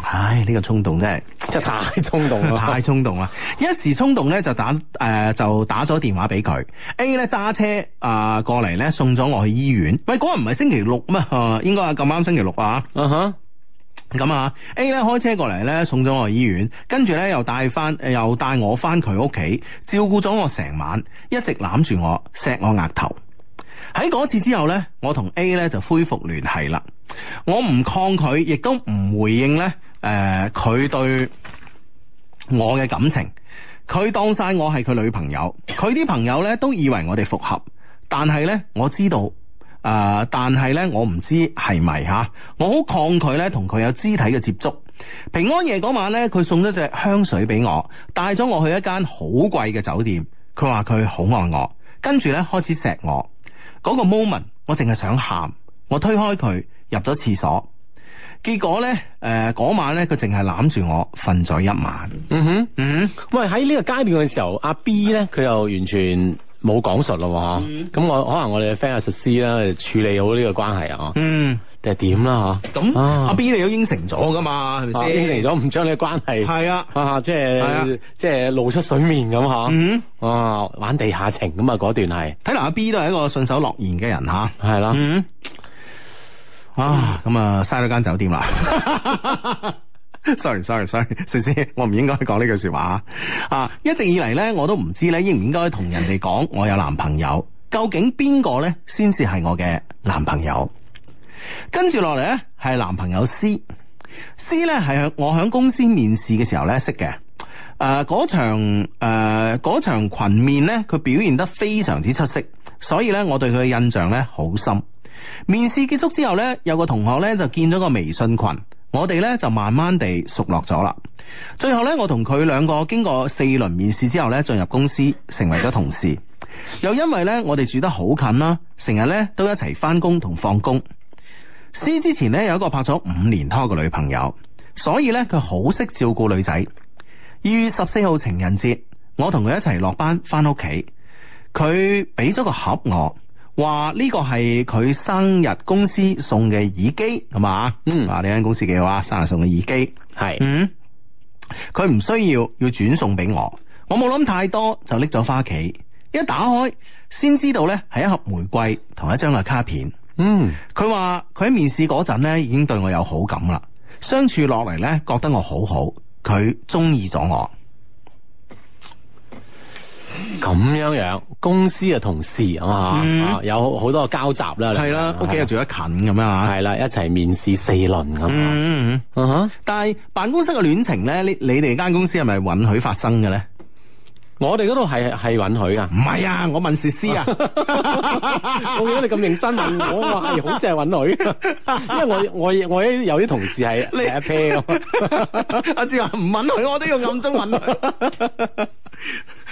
Speaker 1: 唉呢、呢個衝動真係，真係太衝動啦， 太衝動啦！一時衝動咧就打誒，就打咗、呃、電話俾佢。 A 咧揸車啊過嚟咧送咗我去醫院。喂、uh，嗰日唔係星期六咩？啊，應該係咁啱星期六啊。嗯哼，咁啊 A 咧開車過嚟咧送咗我去醫院，跟住咧又帶翻，又、呃、帶我翻佢屋企，照顧咗我成晚，一直攬住我，錫我額頭。喺嗰次之後呢，我同 A 呢就恢復聯繫啦。我唔抗拒，亦都唔回應呢誒，佢、呃、對我嘅感情，佢當晒我係佢女朋友。佢啲朋友呢都以為我哋復合，但係呢，我知道誒、呃，但係呢，我唔知係咪吓。我好抗拒呢同佢有肢體嘅接觸。平安夜嗰晚呢，佢送咗隻香水俾我，帶咗我去一間好貴嘅酒店。佢話佢好愛我，跟住呢開始錫我。嗰個 moment，我淨係想喊，我推開佢入咗廁所，結果咧，誒、呃，嗰晚咧，佢淨係攬住我瞓咗一晚。嗯哼，嗯哼，喂，喺呢個階段嘅時候，阿 B 咧，佢、啊、又完全。冇講述咯，嗬。咁我可能我哋嘅 friend 阿實施啦，處理好呢個關係啊，嗯。定係點啦，嗬。咁阿 B 你都應承咗噶嘛，係咪先？應承咗唔將你嘅關係。係啊。啊，即係即係露出水面咁嚇。嗯。哇！玩地下情咁啊，嗰段係。睇嚟阿 B 都係一個信守諾言嘅人嚇。係啦。嗯。啊，咁啊，嘥咗間酒店啦。sorry sorry sorry，小 姐，我唔應該講呢句說話啊！一直以嚟呢，我都唔知咧，應唔應該同人哋講我有男朋友？究竟邊個呢？先至係我嘅男朋友？跟住落嚟呢，係男朋友 C，C 呢，係我響公司面試嘅時候呢識嘅。誒、呃，嗰場誒、呃、嗰場群面呢，佢表現得非常之出色，所以呢，我對佢嘅印象呢好深。面試結束之後呢，有個同學呢，就建咗個微信群。我哋咧就慢慢地熟落咗啦。最後咧，我同佢兩個經過四輪面試之後咧，進入公司成為咗同事。又因為咧，我哋住得好近啦，成日咧都一齊翻工同放工。C 之前咧有一個拍咗五年拖嘅女朋友，所以咧佢好識照顧女仔。二月十四號情人節，我同佢一齊落班翻屋企，佢俾咗個盒我。話呢個係佢生日公司送嘅耳機，係嘛？嗯，啊呢間公司嘅話生日送嘅耳機，係。嗯，佢唔需要要轉送俾我，我冇諗太多就拎咗返屋企，一打開先知道呢係一盒玫瑰同一張嘅卡片。嗯，佢話佢喺面試嗰陣呢已經對我有好感啦，相處落嚟呢，覺得我好好，佢中意咗我。咁樣樣，公司嘅同事啊嘛，嗯、有好，好多交集啦，係啦，屋企又住得近咁啊，係啦，一齊面試四輪咁啊，嗯嗯、但係辦公室嘅戀情咧，你你哋間公司係咪允許發生嘅咧？我哋嗰度係係允許噶，唔係啊，我問實施啊，我 見 你咁認真問我， 我，我係好似係允許，因為我我我有啲同事係一 pair，阿志話唔允許，我都要暗中允許。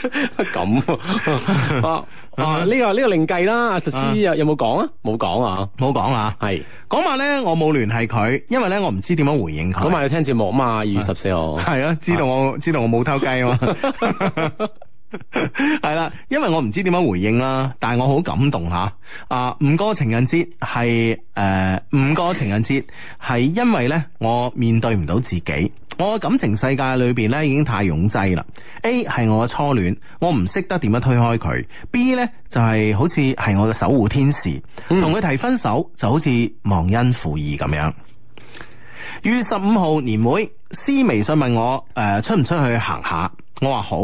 Speaker 1: 咁啊啊呢個呢個另計啦，實施有有冇講啊？冇講 啊，冇講啊，係晚咧，我冇聯繫佢，因為咧我唔知點樣回應佢。咁啊，聽節目啊嘛，二月十四號係啊，知道我、啊、知道我冇偷雞啊。嘛。 係啦， 因為我唔知點樣回應啦，但係我好感動吓。啊，五個情人節係誒，五個情人節係因為呢，我面對唔到自己，我嘅感情世界裏邊呢已經太擁擠啦。
Speaker 2: A 係我
Speaker 1: 嘅初戀，我唔識得點樣推開佢。B 呢，就係、是、好似係我嘅守護天使，同佢提分手就好似忘恩負義咁樣。二、嗯、月十五號年會，C 微信問我誒、呃、出唔出去行下，我話好。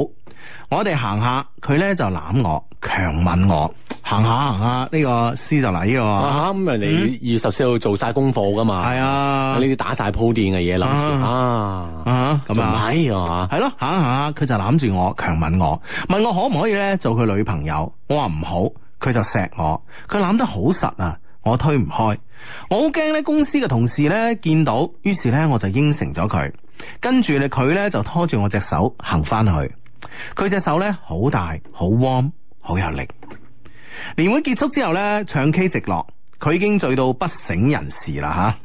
Speaker 1: 我哋行下，佢咧就攬我，強吻我。行下行下呢、呢個詩就嚟呢個咁啊。你二十四號做晒功課噶嘛？係啊，呢啲打晒鋪墊嘅嘢諗住啊，咁啊係啊，係、啊、咯行下，佢就攬住我，強吻我，問我可唔可以咧做佢女朋友？我話唔好，佢就錫我。佢攬得好實啊，我推唔開。我好驚咧，公司嘅同事咧見到，於是咧我就應承咗佢。跟住咧佢咧就拖住我隻手行翻去。佢隻手咧好大，好 warm，好有力。年會結束之後咧，唱 K 直落，佢已經醉到不省人事啦吓。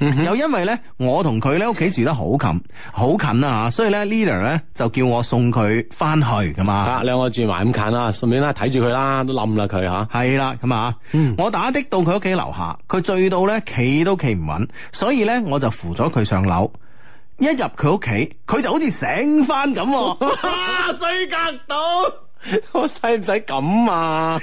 Speaker 1: Mm hmm. 又因為咧，我同佢咧屋企住得好近，好近啦吓，所以咧 leader 咧就叫我送佢翻去噶嘛。你兩、啊、個住埋咁近順啊，順便啦睇住佢啦，都冧啦佢吓。係啦咁啊，我打的到佢屋企樓下，佢醉到咧企都企唔穩，所以咧我就扶咗佢上樓。一入佢屋企，佢就好似醒翻咁。哈
Speaker 2: 哈、 啊，衰格到。
Speaker 1: 我使唔使咁啊？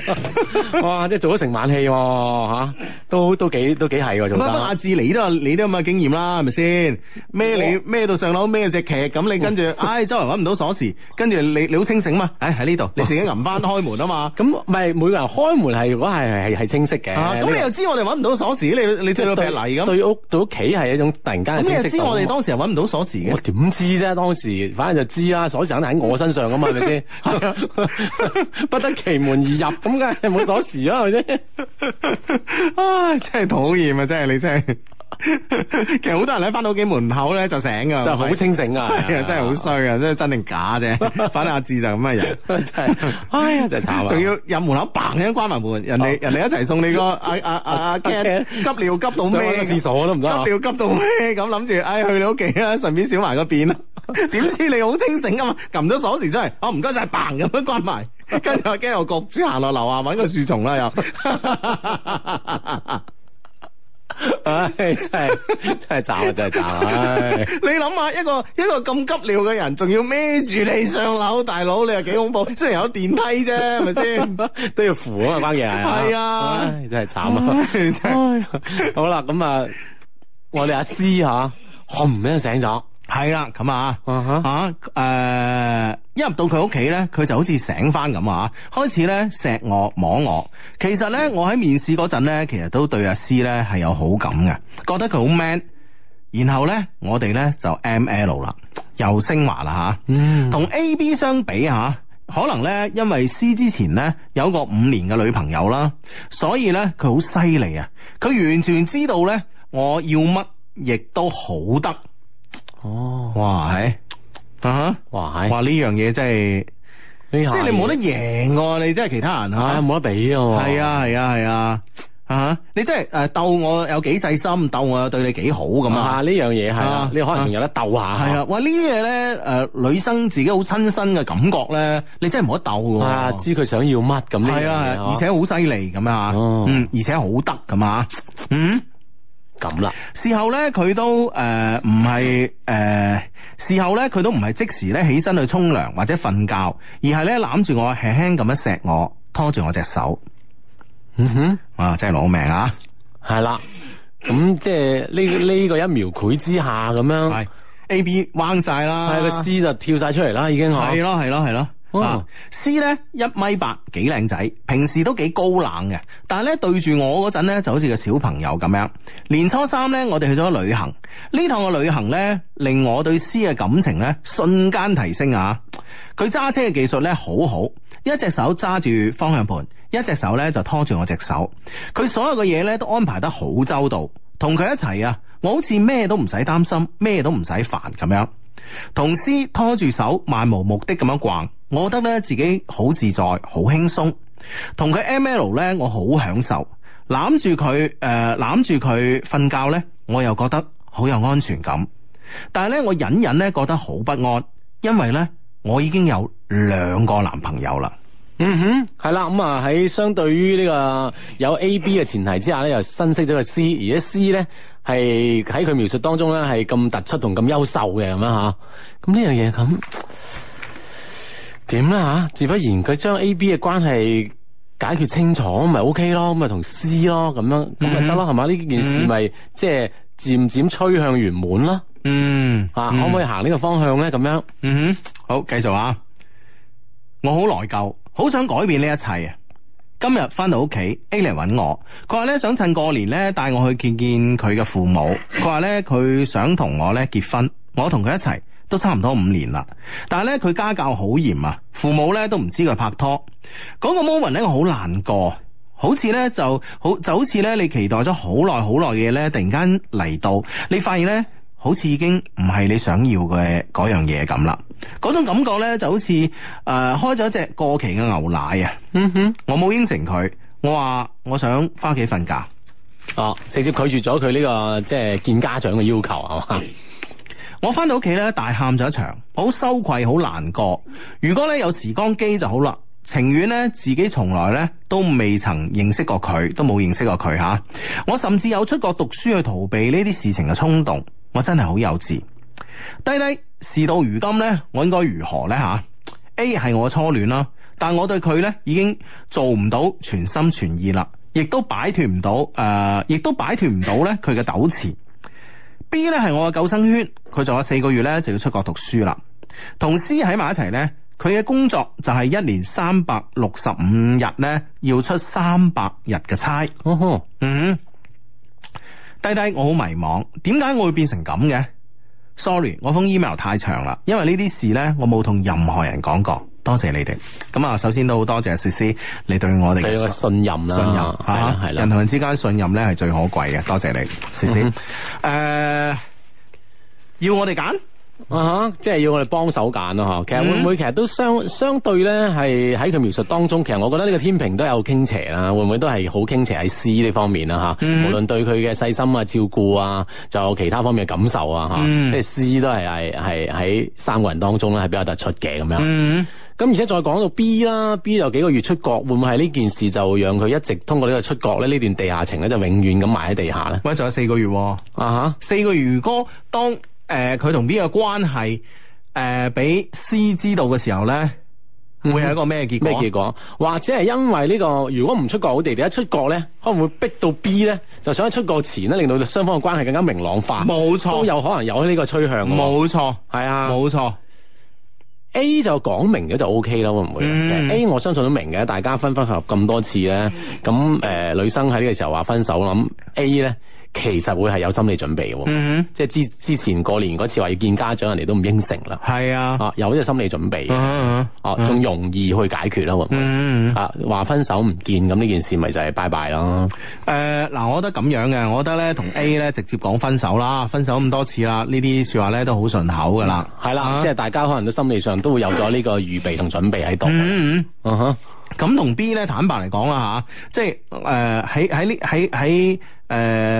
Speaker 1: 哇！即係做咗成晚戲喎、啊，吓、啊、都都幾都幾係喎、啊。做阿志，你都有你都咁嘅經驗啦，係咪先？孭你孭哇到上樓，孭隻劇咁，你跟住，唉，周圍搵唔到鎖匙，跟住你你好清醒嘛？唉、哎，喺呢度，你自己揞翻開門啊嘛？咁唔係每個人開門係，如果係係係清晰嘅。咁、啊、你又、這個、又知我哋搵唔到鎖匙？你你跌對到劈嚟。咁。對屋對屋企係一種突然間清晰、嗯。咁你知我哋當時係搵唔到鎖匙嘅？我點知啫？當時反正就知啦，鎖匙肯定喺我身上噶嘛，係咪先？ 不得其門而入，咁梗係冇鎖匙咯，係咪先？唉，真係討厭啊！真係，你真係。其實好多人喺翻到屋企門口咧就醒噶，就好清醒啊！真係好衰啊！真係真定假啫？反正阿志就咁嘅人，真係，哎呀真係慘啊！仲要入門口嘭一聲關埋門，人哋人哋一齊送你個阿阿阿急尿急到咩？上個廁所都唔得，急尿急到咩？咁諗住，哎去你屋企啦，順便小埋個便啦。點知你好清醒噶嘛？撳咗鎖匙出嚟，哦唔該晒嘭咁樣關埋，跟住我驚我谷住行落樓下揾個樹叢啦又。唉、 哎，真係真係慘啊，真係慘啊！哎、你諗下，一個一個咁急尿嘅人，仲要孭住你上樓，大佬你又幾恐怖？雖然有電梯啫，係咪先都要扶啊嘛，關爺係啊，哎、真係慘啊！好啦，咁啊，我哋阿師吓，我唔俾佢醒咗。係啦，咁啊，吓誒、uh，一、huh. 啊啊、入到佢屋企咧，佢就好似醒翻咁啊，開始咧錫我摸我。其實咧，我喺面試嗰陣咧，其實都對阿 C 咧係有好感嘅，覺得佢好 man。然後咧，我哋咧就 ML 啦，又升華啦吓，同 A B 相比吓，可能咧因為 C 之前咧有個五年嘅女朋友啦，所以咧佢好犀利啊！佢完全知道咧我要乜，亦都好得。哦，哇係，啊哈，哇哇呢樣嘢真係，呢即係你冇得贏噶，你真係其他人啊，冇得比噶嘛，係啊係啊係啊，啊，你真係誒鬥我有幾細心，鬥我對你幾好咁啊，呢樣嘢係啊，你可能有得鬥下，係啊，哇呢啲嘢咧誒，女生自己好親身嘅感覺咧，你真係冇得鬥噶，知佢想要乜咁，係啊，而且好犀利咁啊，嗯，而且好得咁啊，嗯。咁啦、呃呃，事後咧佢都誒唔係誒，事後咧佢都唔係即時咧起身去沖涼或者瞓覺，而係咧攬住我輕輕咁一錫我，拖住我隻手。
Speaker 3: 嗯哼，
Speaker 1: 啊真係攞命啊！係啦、嗯，咁即係呢呢個一秒潰之下咁樣，A 係 B 彎晒啦，係個 C 就跳晒出嚟啦，已經係咯係咯係咯。啊！詩呢，一米八，幾靚仔，平時都幾高冷嘅。但係咧對住我陣咧，就好似個小朋友咁樣。年初三呢我哋去咗旅，旅行，呢趟嘅旅行呢令我對詩嘅感情呢瞬間提升啊！佢、啊、揸車嘅技術呢好好，一隻手揸住方向盤，一隻手呢就拖住我隻手。佢所有嘅嘢呢都安排得好周到，同佢一齊啊，我好似咩都唔使擔心，咩都唔使煩咁樣。同詩拖住手，漫無目的咁樣逛。我覺得咧自己好自在，好輕鬆。同佢 M L 呢，我好享受攬住佢，誒攬住佢瞓覺呢，我又覺得好有安全感。但係呢，我隱隱咧覺得好不安，因為呢，我已經有兩個男朋友啦。嗯哼，係、嗯嗯嗯、啦，咁啊喺相對於呢個有 A B 嘅前提之下呢又新識咗個 C，而且 C 呢，係喺佢描述當中呢，係咁突出同咁優秀嘅咁樣吓。咁呢樣嘢咁。點啦吓，自不然佢將 A、B 嘅關係解決清楚，咪 O K 咯，咁咪同 C 咯，咁樣咁咪得咯，係嘛、mm？呢、hmm. 件事咪即係漸漸趨向圓滿咯。嗯、
Speaker 3: mm，hmm. 啊，mm hmm. 可唔可以行
Speaker 1: 呢個方向咧？咁樣，嗯哼、
Speaker 3: mm，hmm.
Speaker 1: 好，繼續啊。我好內疚，好想改變呢一切啊！今日翻到屋企，A 嚟揾我，佢話咧想趁過年咧帶我去見見佢嘅父母，佢話咧佢想同我咧結婚，我同佢一齊。都差唔多五年啦，但係咧佢家教好嚴啊，父母咧都唔知佢拍拖。講、嗰個 moment 咧，我好難過，好似咧就，就好就好似咧，你期待咗好耐好耐嘅嘢咧，突然間嚟到，你發現咧，好似已經唔係你想要嘅嗰樣嘢咁啦。嗰種感覺咧，就好似誒、呃、開咗隻過期嘅牛奶啊！嗯哼，我冇應承佢，我話我想翻屋企瞓覺，哦、啊，直接拒絕咗佢呢個即係、就是、見家長嘅要求係嘛。 我翻到屋企咧，大喊咗一場，好羞愧，好難過。如果咧有時光機就好啦，情願咧自己從來咧都未曾認識過佢，都冇認識過佢吓。我甚至有出國讀書去逃避呢啲事情嘅衝動，我真係好幼稚。低低事到如今咧，我應該如何呢？吓？A 係我初戀啦，但我對佢咧已經做唔到全心全意啦，亦都擺脫唔到誒，亦、呃、都擺脫唔到咧佢嘅糾纏。B 咧係我嘅救生圈，佢仲有四個月咧就要出國讀書啦。同 C 喺埋一齊呢，佢嘅工作就係一年三百六十五日呢要出三百日嘅差。嗯哼、oh, oh. mm，弟、hmm. 弟我好迷茫，點解我會變成咁嘅？Sorry，我封 email 太長啦，因為呢啲事呢，我冇同任何人講過。多謝你哋。咁啊，首先都好多謝詩詩，你對我哋嘅信任啦、啊，信任嚇係啦。啊、人同人之間信任咧係最可貴嘅。多謝你，詩詩、嗯。誒，嗯 uh, 要我哋揀啊嚇，即係要我哋幫手揀咯嚇。其實會唔會其實都相相對咧係喺佢描述當中，其實我覺得呢個天平都有傾斜啦。會唔會都係好傾斜喺 C 呢方面啦嚇？嗯、無論對佢嘅細心啊、照顧啊，就有其他方面嘅感受啊嚇，嗯嗯、即係 C 都係係喺三個人當中咧係比較突出嘅咁樣。嗯咁而且再講到 B 啦，B 有幾個月出國，會唔會係呢件事就讓佢一直通過呢個出國咧？呢段地下情咧就永遠咁埋喺地下咧？喂，仲有四個月啊，啊吓、uh，huh. 四個月如果當誒佢同 B 嘅關係誒俾 C 知道嘅時候咧，會係一個咩結果？咩結果？Hmm. 或者係因為呢、呢個如果唔出國好地地，一出國咧，可能會逼到 B 咧，就想喺出國前咧，令到雙方嘅關係更加明朗化。冇錯錯，都有可能有呢個趨向。冇錯，係啊，冇錯。A 就講明咗就 O K 啦，會唔會？a 我相信都明嘅，大家分分合合咁多次咧，咁、呃、誒，女生喺呢個時候話分手，諗 A 咧。其實會係有心理準備嘅，即係之之前過年嗰次話要見家長，人哋都唔應承啦。係啊，有呢個心理準備，哦，仲容易去解決啦。嗯，話分手唔見咁呢件事，咪就係拜拜咯。誒，嗱，我覺得咁樣嘅，我覺得呢同 A 呢直接講分手啦，分手咁多次啦，呢啲說話呢都好順口噶啦，係啦，即係大家可能都心理上都會有咗呢個預備同準備喺度。嗯咁同 B 呢，坦白嚟講啦吓，即係誒喺喺呢喺喺。誒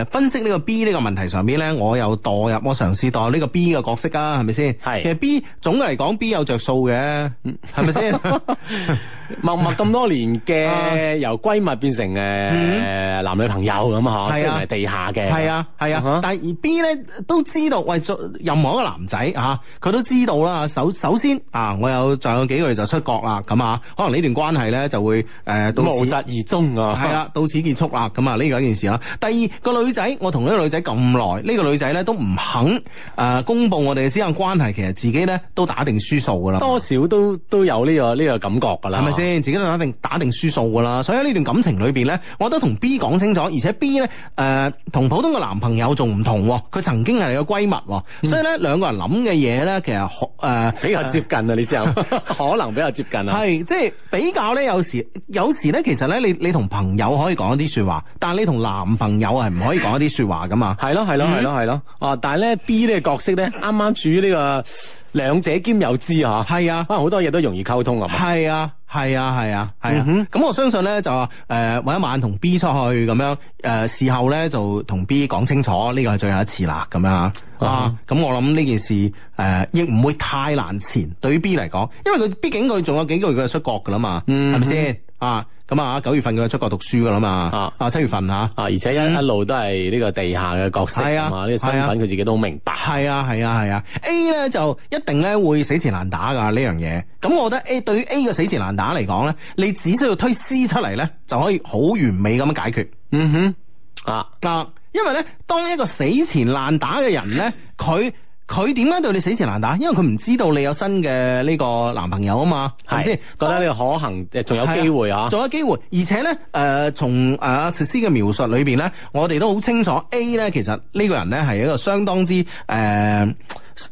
Speaker 1: ，uh, 分析呢個 B 呢個問題上邊咧，我又墮入我嘗試墮入呢個 B 嘅角色啊，係咪先？係是其實 B 總嘅嚟講 B 有着數嘅，係咪先？ 默默咁多年嘅由閨蜜變成誒男女朋友咁嗬，係、 嗯、啊，地下嘅係啊，係啊。但而 B 咧都知道，喂，任何一個男仔吓，佢、啊、都知道啦。首首先啊，我有仲有幾個月就出國啦，咁啊，可能呢段關係咧就會誒，無疾而終啊。係啊，啊啊到此結束啦。咁啊，呢個一件事啦。第二女個女仔，我同呢個女仔咁耐，呢個女仔咧都唔肯誒、啊、公布我哋嘅之間關係，其實自己咧都打定輸數噶啦，多少都都有呢個呢個感覺噶啦。 啊啊先自己都打定打定輸數噶啦，所以喺呢段感情裏邊呢，我都同 B 講清楚，而且 B 呢，誒、呃、同普通嘅男朋友仲唔同，佢曾經係個閨蜜，所以呢兩個人諗嘅嘢呢，其實誒、呃、比較接近啊，呃、你試 可能比較接近啊，係即係比較呢。有時有時咧，其實呢，你你同朋友可以講一啲說話，但係你同男朋友係唔可以講一啲說話噶嘛，係咯係咯係咯係咯，啊但係呢 B 呢個角色呢、這個，啱啱處於呢個兩者兼有之啊，係啊的，可能好多嘢都容易溝通啊，嘛。係啊。係啊係啊係啊，咁、啊啊嗯、哼我相信呢就誒，搵、呃、一晚同 B 出去咁樣，誒、呃、事後呢就同 B 講清楚，呢個係最後一次啦，咁樣啊，咁、嗯哼嗯、我諗呢件事誒、呃、亦唔會太難纏，對於 B 嚟講，因為佢畢竟佢仲有幾個月佢出國噶啦嘛，係咪先啊？咁啊，九月份佢出國讀書噶啦嘛，啊，七月份吓、啊，啊，而且一一路都係呢個地下嘅角色，係啊，呢個身份佢、啊、自己都明白，係啊，係啊，係啊，啊，A 呢就一定咧會死纏爛打噶呢樣嘢，咁我覺得 A 對於 A 嘅死纏爛打嚟講咧，你只需要推 C 出嚟呢，就可以好完美咁樣解決，嗯哼，啊，嗱、啊，因為呢，當一個死纏爛打嘅人呢，佢。佢點解對你死纏爛打？因為佢唔知道你有新嘅呢個男朋友啊嘛，係咪先？覺得你個可行，仲有機會啊？仲有機會，而且呢，誒、呃，從阿設施嘅描述裏邊呢，我哋都好清楚 A 呢，其實呢個人呢，係一個相當之誒。呃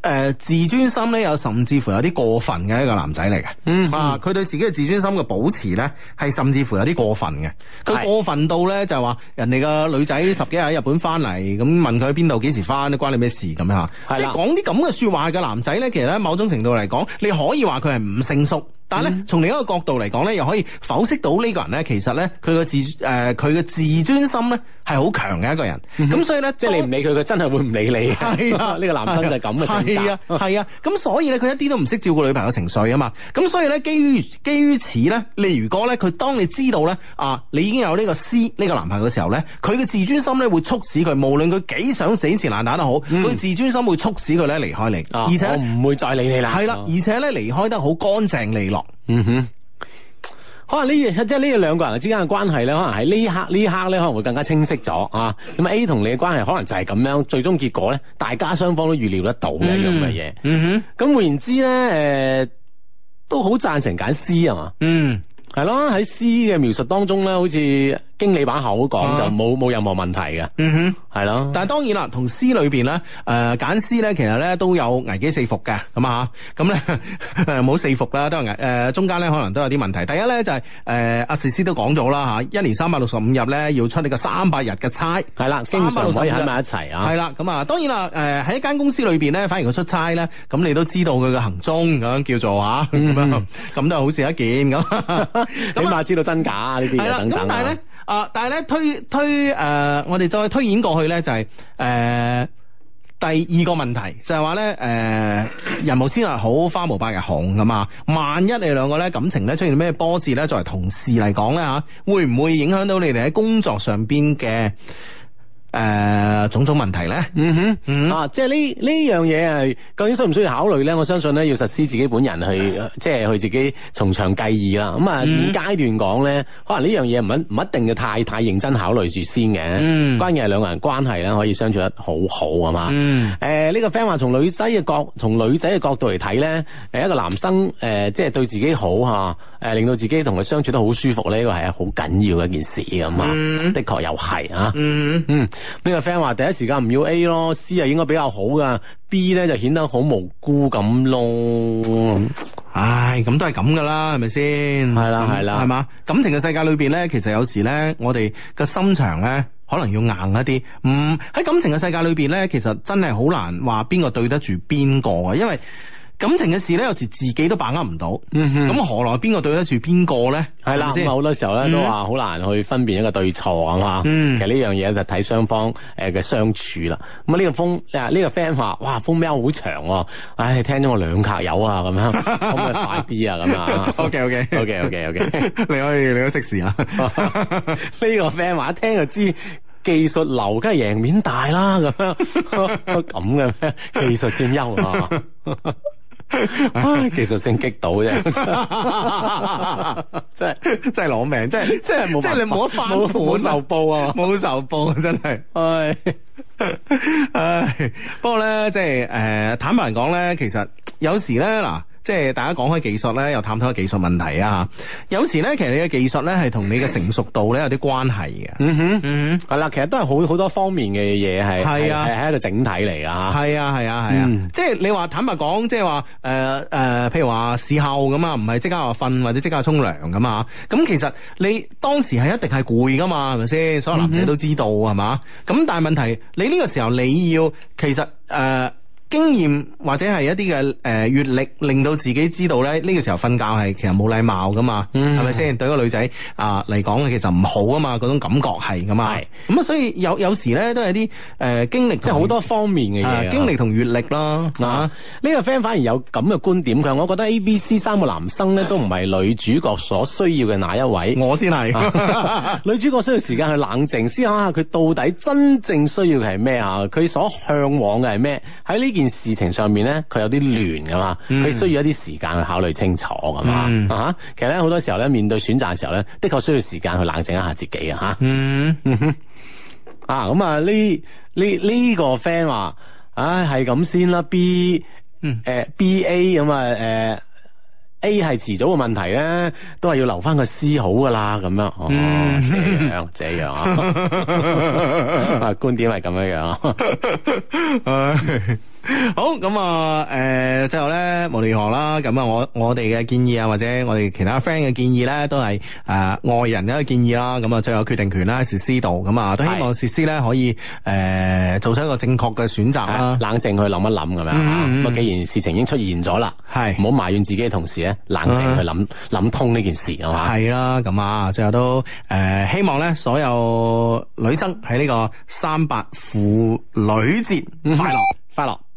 Speaker 1: 誒，自尊心咧有，甚至乎有啲過分嘅一個男仔嚟嘅。嗯、啊，佢對自己嘅自尊心嘅保持咧係甚至乎有啲過分嘅，佢過分到咧是就係話人哋個女仔十幾日喺日本翻嚟，咁問佢喺邊度，幾時翻，都關你咩事咁啊！樣的即係講啲咁嘅說話嘅男仔咧，其實咧某種程度嚟講，你可以話佢係唔成熟。但係咧，從另一個角度嚟講咧，又可以否識到呢個人咧，其實咧佢嘅自誒佢嘅自尊心咧係好強嘅一個人。咁所以咧，即係你唔理佢，佢真係會唔理你。係啊，呢個男生就係咁嘅性格。係啊，係啊。咁所以咧，佢一啲都唔識照顧女朋友情緒啊嘛。咁所以咧，基於基於此咧，你如果咧佢當你知道咧啊，你已經有呢個 C 呢個男朋友嘅時候咧，佢嘅自尊心咧會促使佢，無論佢幾想死纏爛打都好，佢自尊心會促使佢咧離開你。啊，而且我唔會再理你啦。係啦，而且咧離開得好乾淨利落。.
Speaker 3: 嗯哼，
Speaker 1: 可能呢樣，即係呢兩個人之間嘅關係咧，可能喺呢刻，刻呢刻咧，可能會更加清晰咗啊。咁 A 同你嘅關係可能就係咁樣，最終結果咧，大家雙方都預料得到嘅咁嘅嘢。嗯，嗯哼，咁換言之咧，誒、呃，都好贊成揀 C 啊嘛。嗯，係咯，喺 C 嘅描述當中呢，好似。經理把口講就冇冇任何問題
Speaker 3: 嘅，
Speaker 1: 嗯哼，係咯。但係當然啦，同司裏邊咧，誒揀司咧，其實咧都有危機四伏嘅，咁啊嚇，咁咧冇四伏啦，都係誒中間咧可能都有啲問題。第一咧就係誒阿四司都講咗啦嚇，一年三百六十五日咧要出呢個三百日嘅差，係啦，經常唔可以喺埋一齊啊。係啦，咁啊當然啦，誒喺一間公司裏邊咧，反而佢出差咧，咁你都知道佢嘅行蹤，咁樣叫做嚇，咁啊咁都係好事一件，咁起碼知道真假呢啲嘢等等。啊！但係咧推推誒、呃，我哋再推演過去咧，就係、是、誒、呃、第二個問題就係話咧誒，人無千日好，花無百日紅噶嘛。萬一你兩個咧感情咧出現咩波折咧，作為同事嚟講咧吓，會唔會影響到你哋喺工作上邊嘅？誒、呃，種種問題咧， 嗯哼，啊，即係呢呢樣嘢係究竟需唔需要考慮咧？我相信咧要實施自己本人去，嗯、即係去自己從長計議啦。咁、嗯、啊，現、嗯、階段講咧，可能呢樣嘢唔唔一定要太太認真考慮住先嘅。關鍵係兩個人關係啦，可以相處得好好吖嘛。誒，呢個 friend 話從女仔嘅角，從女仔嘅角度嚟睇咧，誒，一個男生誒、呃，即係對自己好吓，誒，令到自己同佢相處得好舒服咧，呢、這個係好緊要嘅一件事噶嘛、嗯。的確又係啊，嗯嗯。呢個 friend 話第一時間唔要 A 咯，C 啊應該比較好噶，B 呢就顯得好無辜咁咯、嗯。唉，咁都係咁噶啦，係咪先？係啦係啦，係嘛、嗯？感情嘅世界裏邊呢，其實有時呢，我哋個心腸呢，可能要硬一啲。唔、嗯、喺感情嘅世界裏邊呢，其實真係好難話邊個對得住邊個啊，因為。感情嘅事咧，有時自己都把握唔到，咁、嗯、哼何來邊個對得住邊個咧？係啦吧，咁好多時候咧都話好難去分辨一個對錯啊嘛。嗯、其實呢樣嘢就睇雙方誒嘅相處啦。咁啊呢個風啊呢、這個 friend 話，哇風名好長、啊，唉、哎，聽咗我兩格友啊，咁樣， 可唔可以快啲啊？咁啊 okay, okay.，OK OK OK OK OK，你可以你可以即時啊。呢個 friend 話一聽就知技術流，梗係贏面大啦咁。咁嘅咩？技術佔優啊？技術性激到啫，真係 真係攞命，真係真係冇，即係你冇得翻冇仇報啊，冇仇 報啊，真係， 唉唉，不過咧，即係誒，坦白講咧，其實有時咧嗱。即係大家講開技術咧，又探討下技術問題啊！有時咧，其實你嘅技術咧係同你嘅成熟度咧有啲關係嘅。嗯哼，嗯哼，係啦，其實都係好好多方面嘅嘢係，係係、啊、一個整體嚟噶吓。係啊，係啊，係啊！嗯、即係你話坦白講，即係話誒誒，譬如話事後咁啊，唔係即刻話瞓或者即刻沖涼咁啊！咁其實你當時係一定係攰噶嘛，係咪先？所有男仔都知道係嘛？咁但係問題，你呢個時候你要其實誒。呃呃經驗或者係一啲嘅誒閱歷，令到自己知道咧呢、呢個時候瞓覺係其實冇禮貌噶嘛，係咪先？對個女仔啊嚟講，其實唔好啊嘛，嗰、嗯呃、種感覺係噶嘛。咁啊、嗯嗯，所以有有時咧都係啲誒經歷，即係好多方面嘅嘢、啊，經歷同閱歷咯。啊，呢、啊、個 friend 反而有咁嘅觀點，佢我覺得 A、B、C 三個男生咧都唔係女主角所需要嘅那一位，我先係。啊、 女主角需要時間去冷靜，思考下佢到底真正需要嘅係咩啊？佢所向往嘅係咩？喺呢件。件事情上面咧，佢有啲亂噶嘛，佢、嗯、需要一啲時間去考慮清楚噶嘛。嗯、啊，其實咧好多時候咧，面對選擇嘅時候咧，的確需要時間去冷靜一下自己啊。吓、嗯，啊、嗯、咁啊，呢呢呢個 friend 話，唉、哎，係咁先啦。B，誒、呃、，B A 咁、呃、啊，誒，A 係遲早嘅問題咧，都係要留翻個 C 好噶啦。咁樣哦，即、嗯、樣這樣啊，嗯、 觀點係咁樣樣。啊 好咁啊！誒，最後咧，無論如何啦，咁啊，我我哋嘅建議啊，或者我哋其他 friend 嘅建議咧，都係誒外人嘅建議啦。咁啊，最後決定權咧喺思思度，咁啊都希望思思咧可以誒做出一個正確嘅選擇啦。冷靜去諗一諗，咁樣吓。不過既然事情已經出現咗啦，係唔好埋怨自己嘅同時咧，冷靜去諗諗通呢件事係嘛？係啦，咁啊，最後都誒希望咧所有女生喺呢個三八婦女節快樂快樂。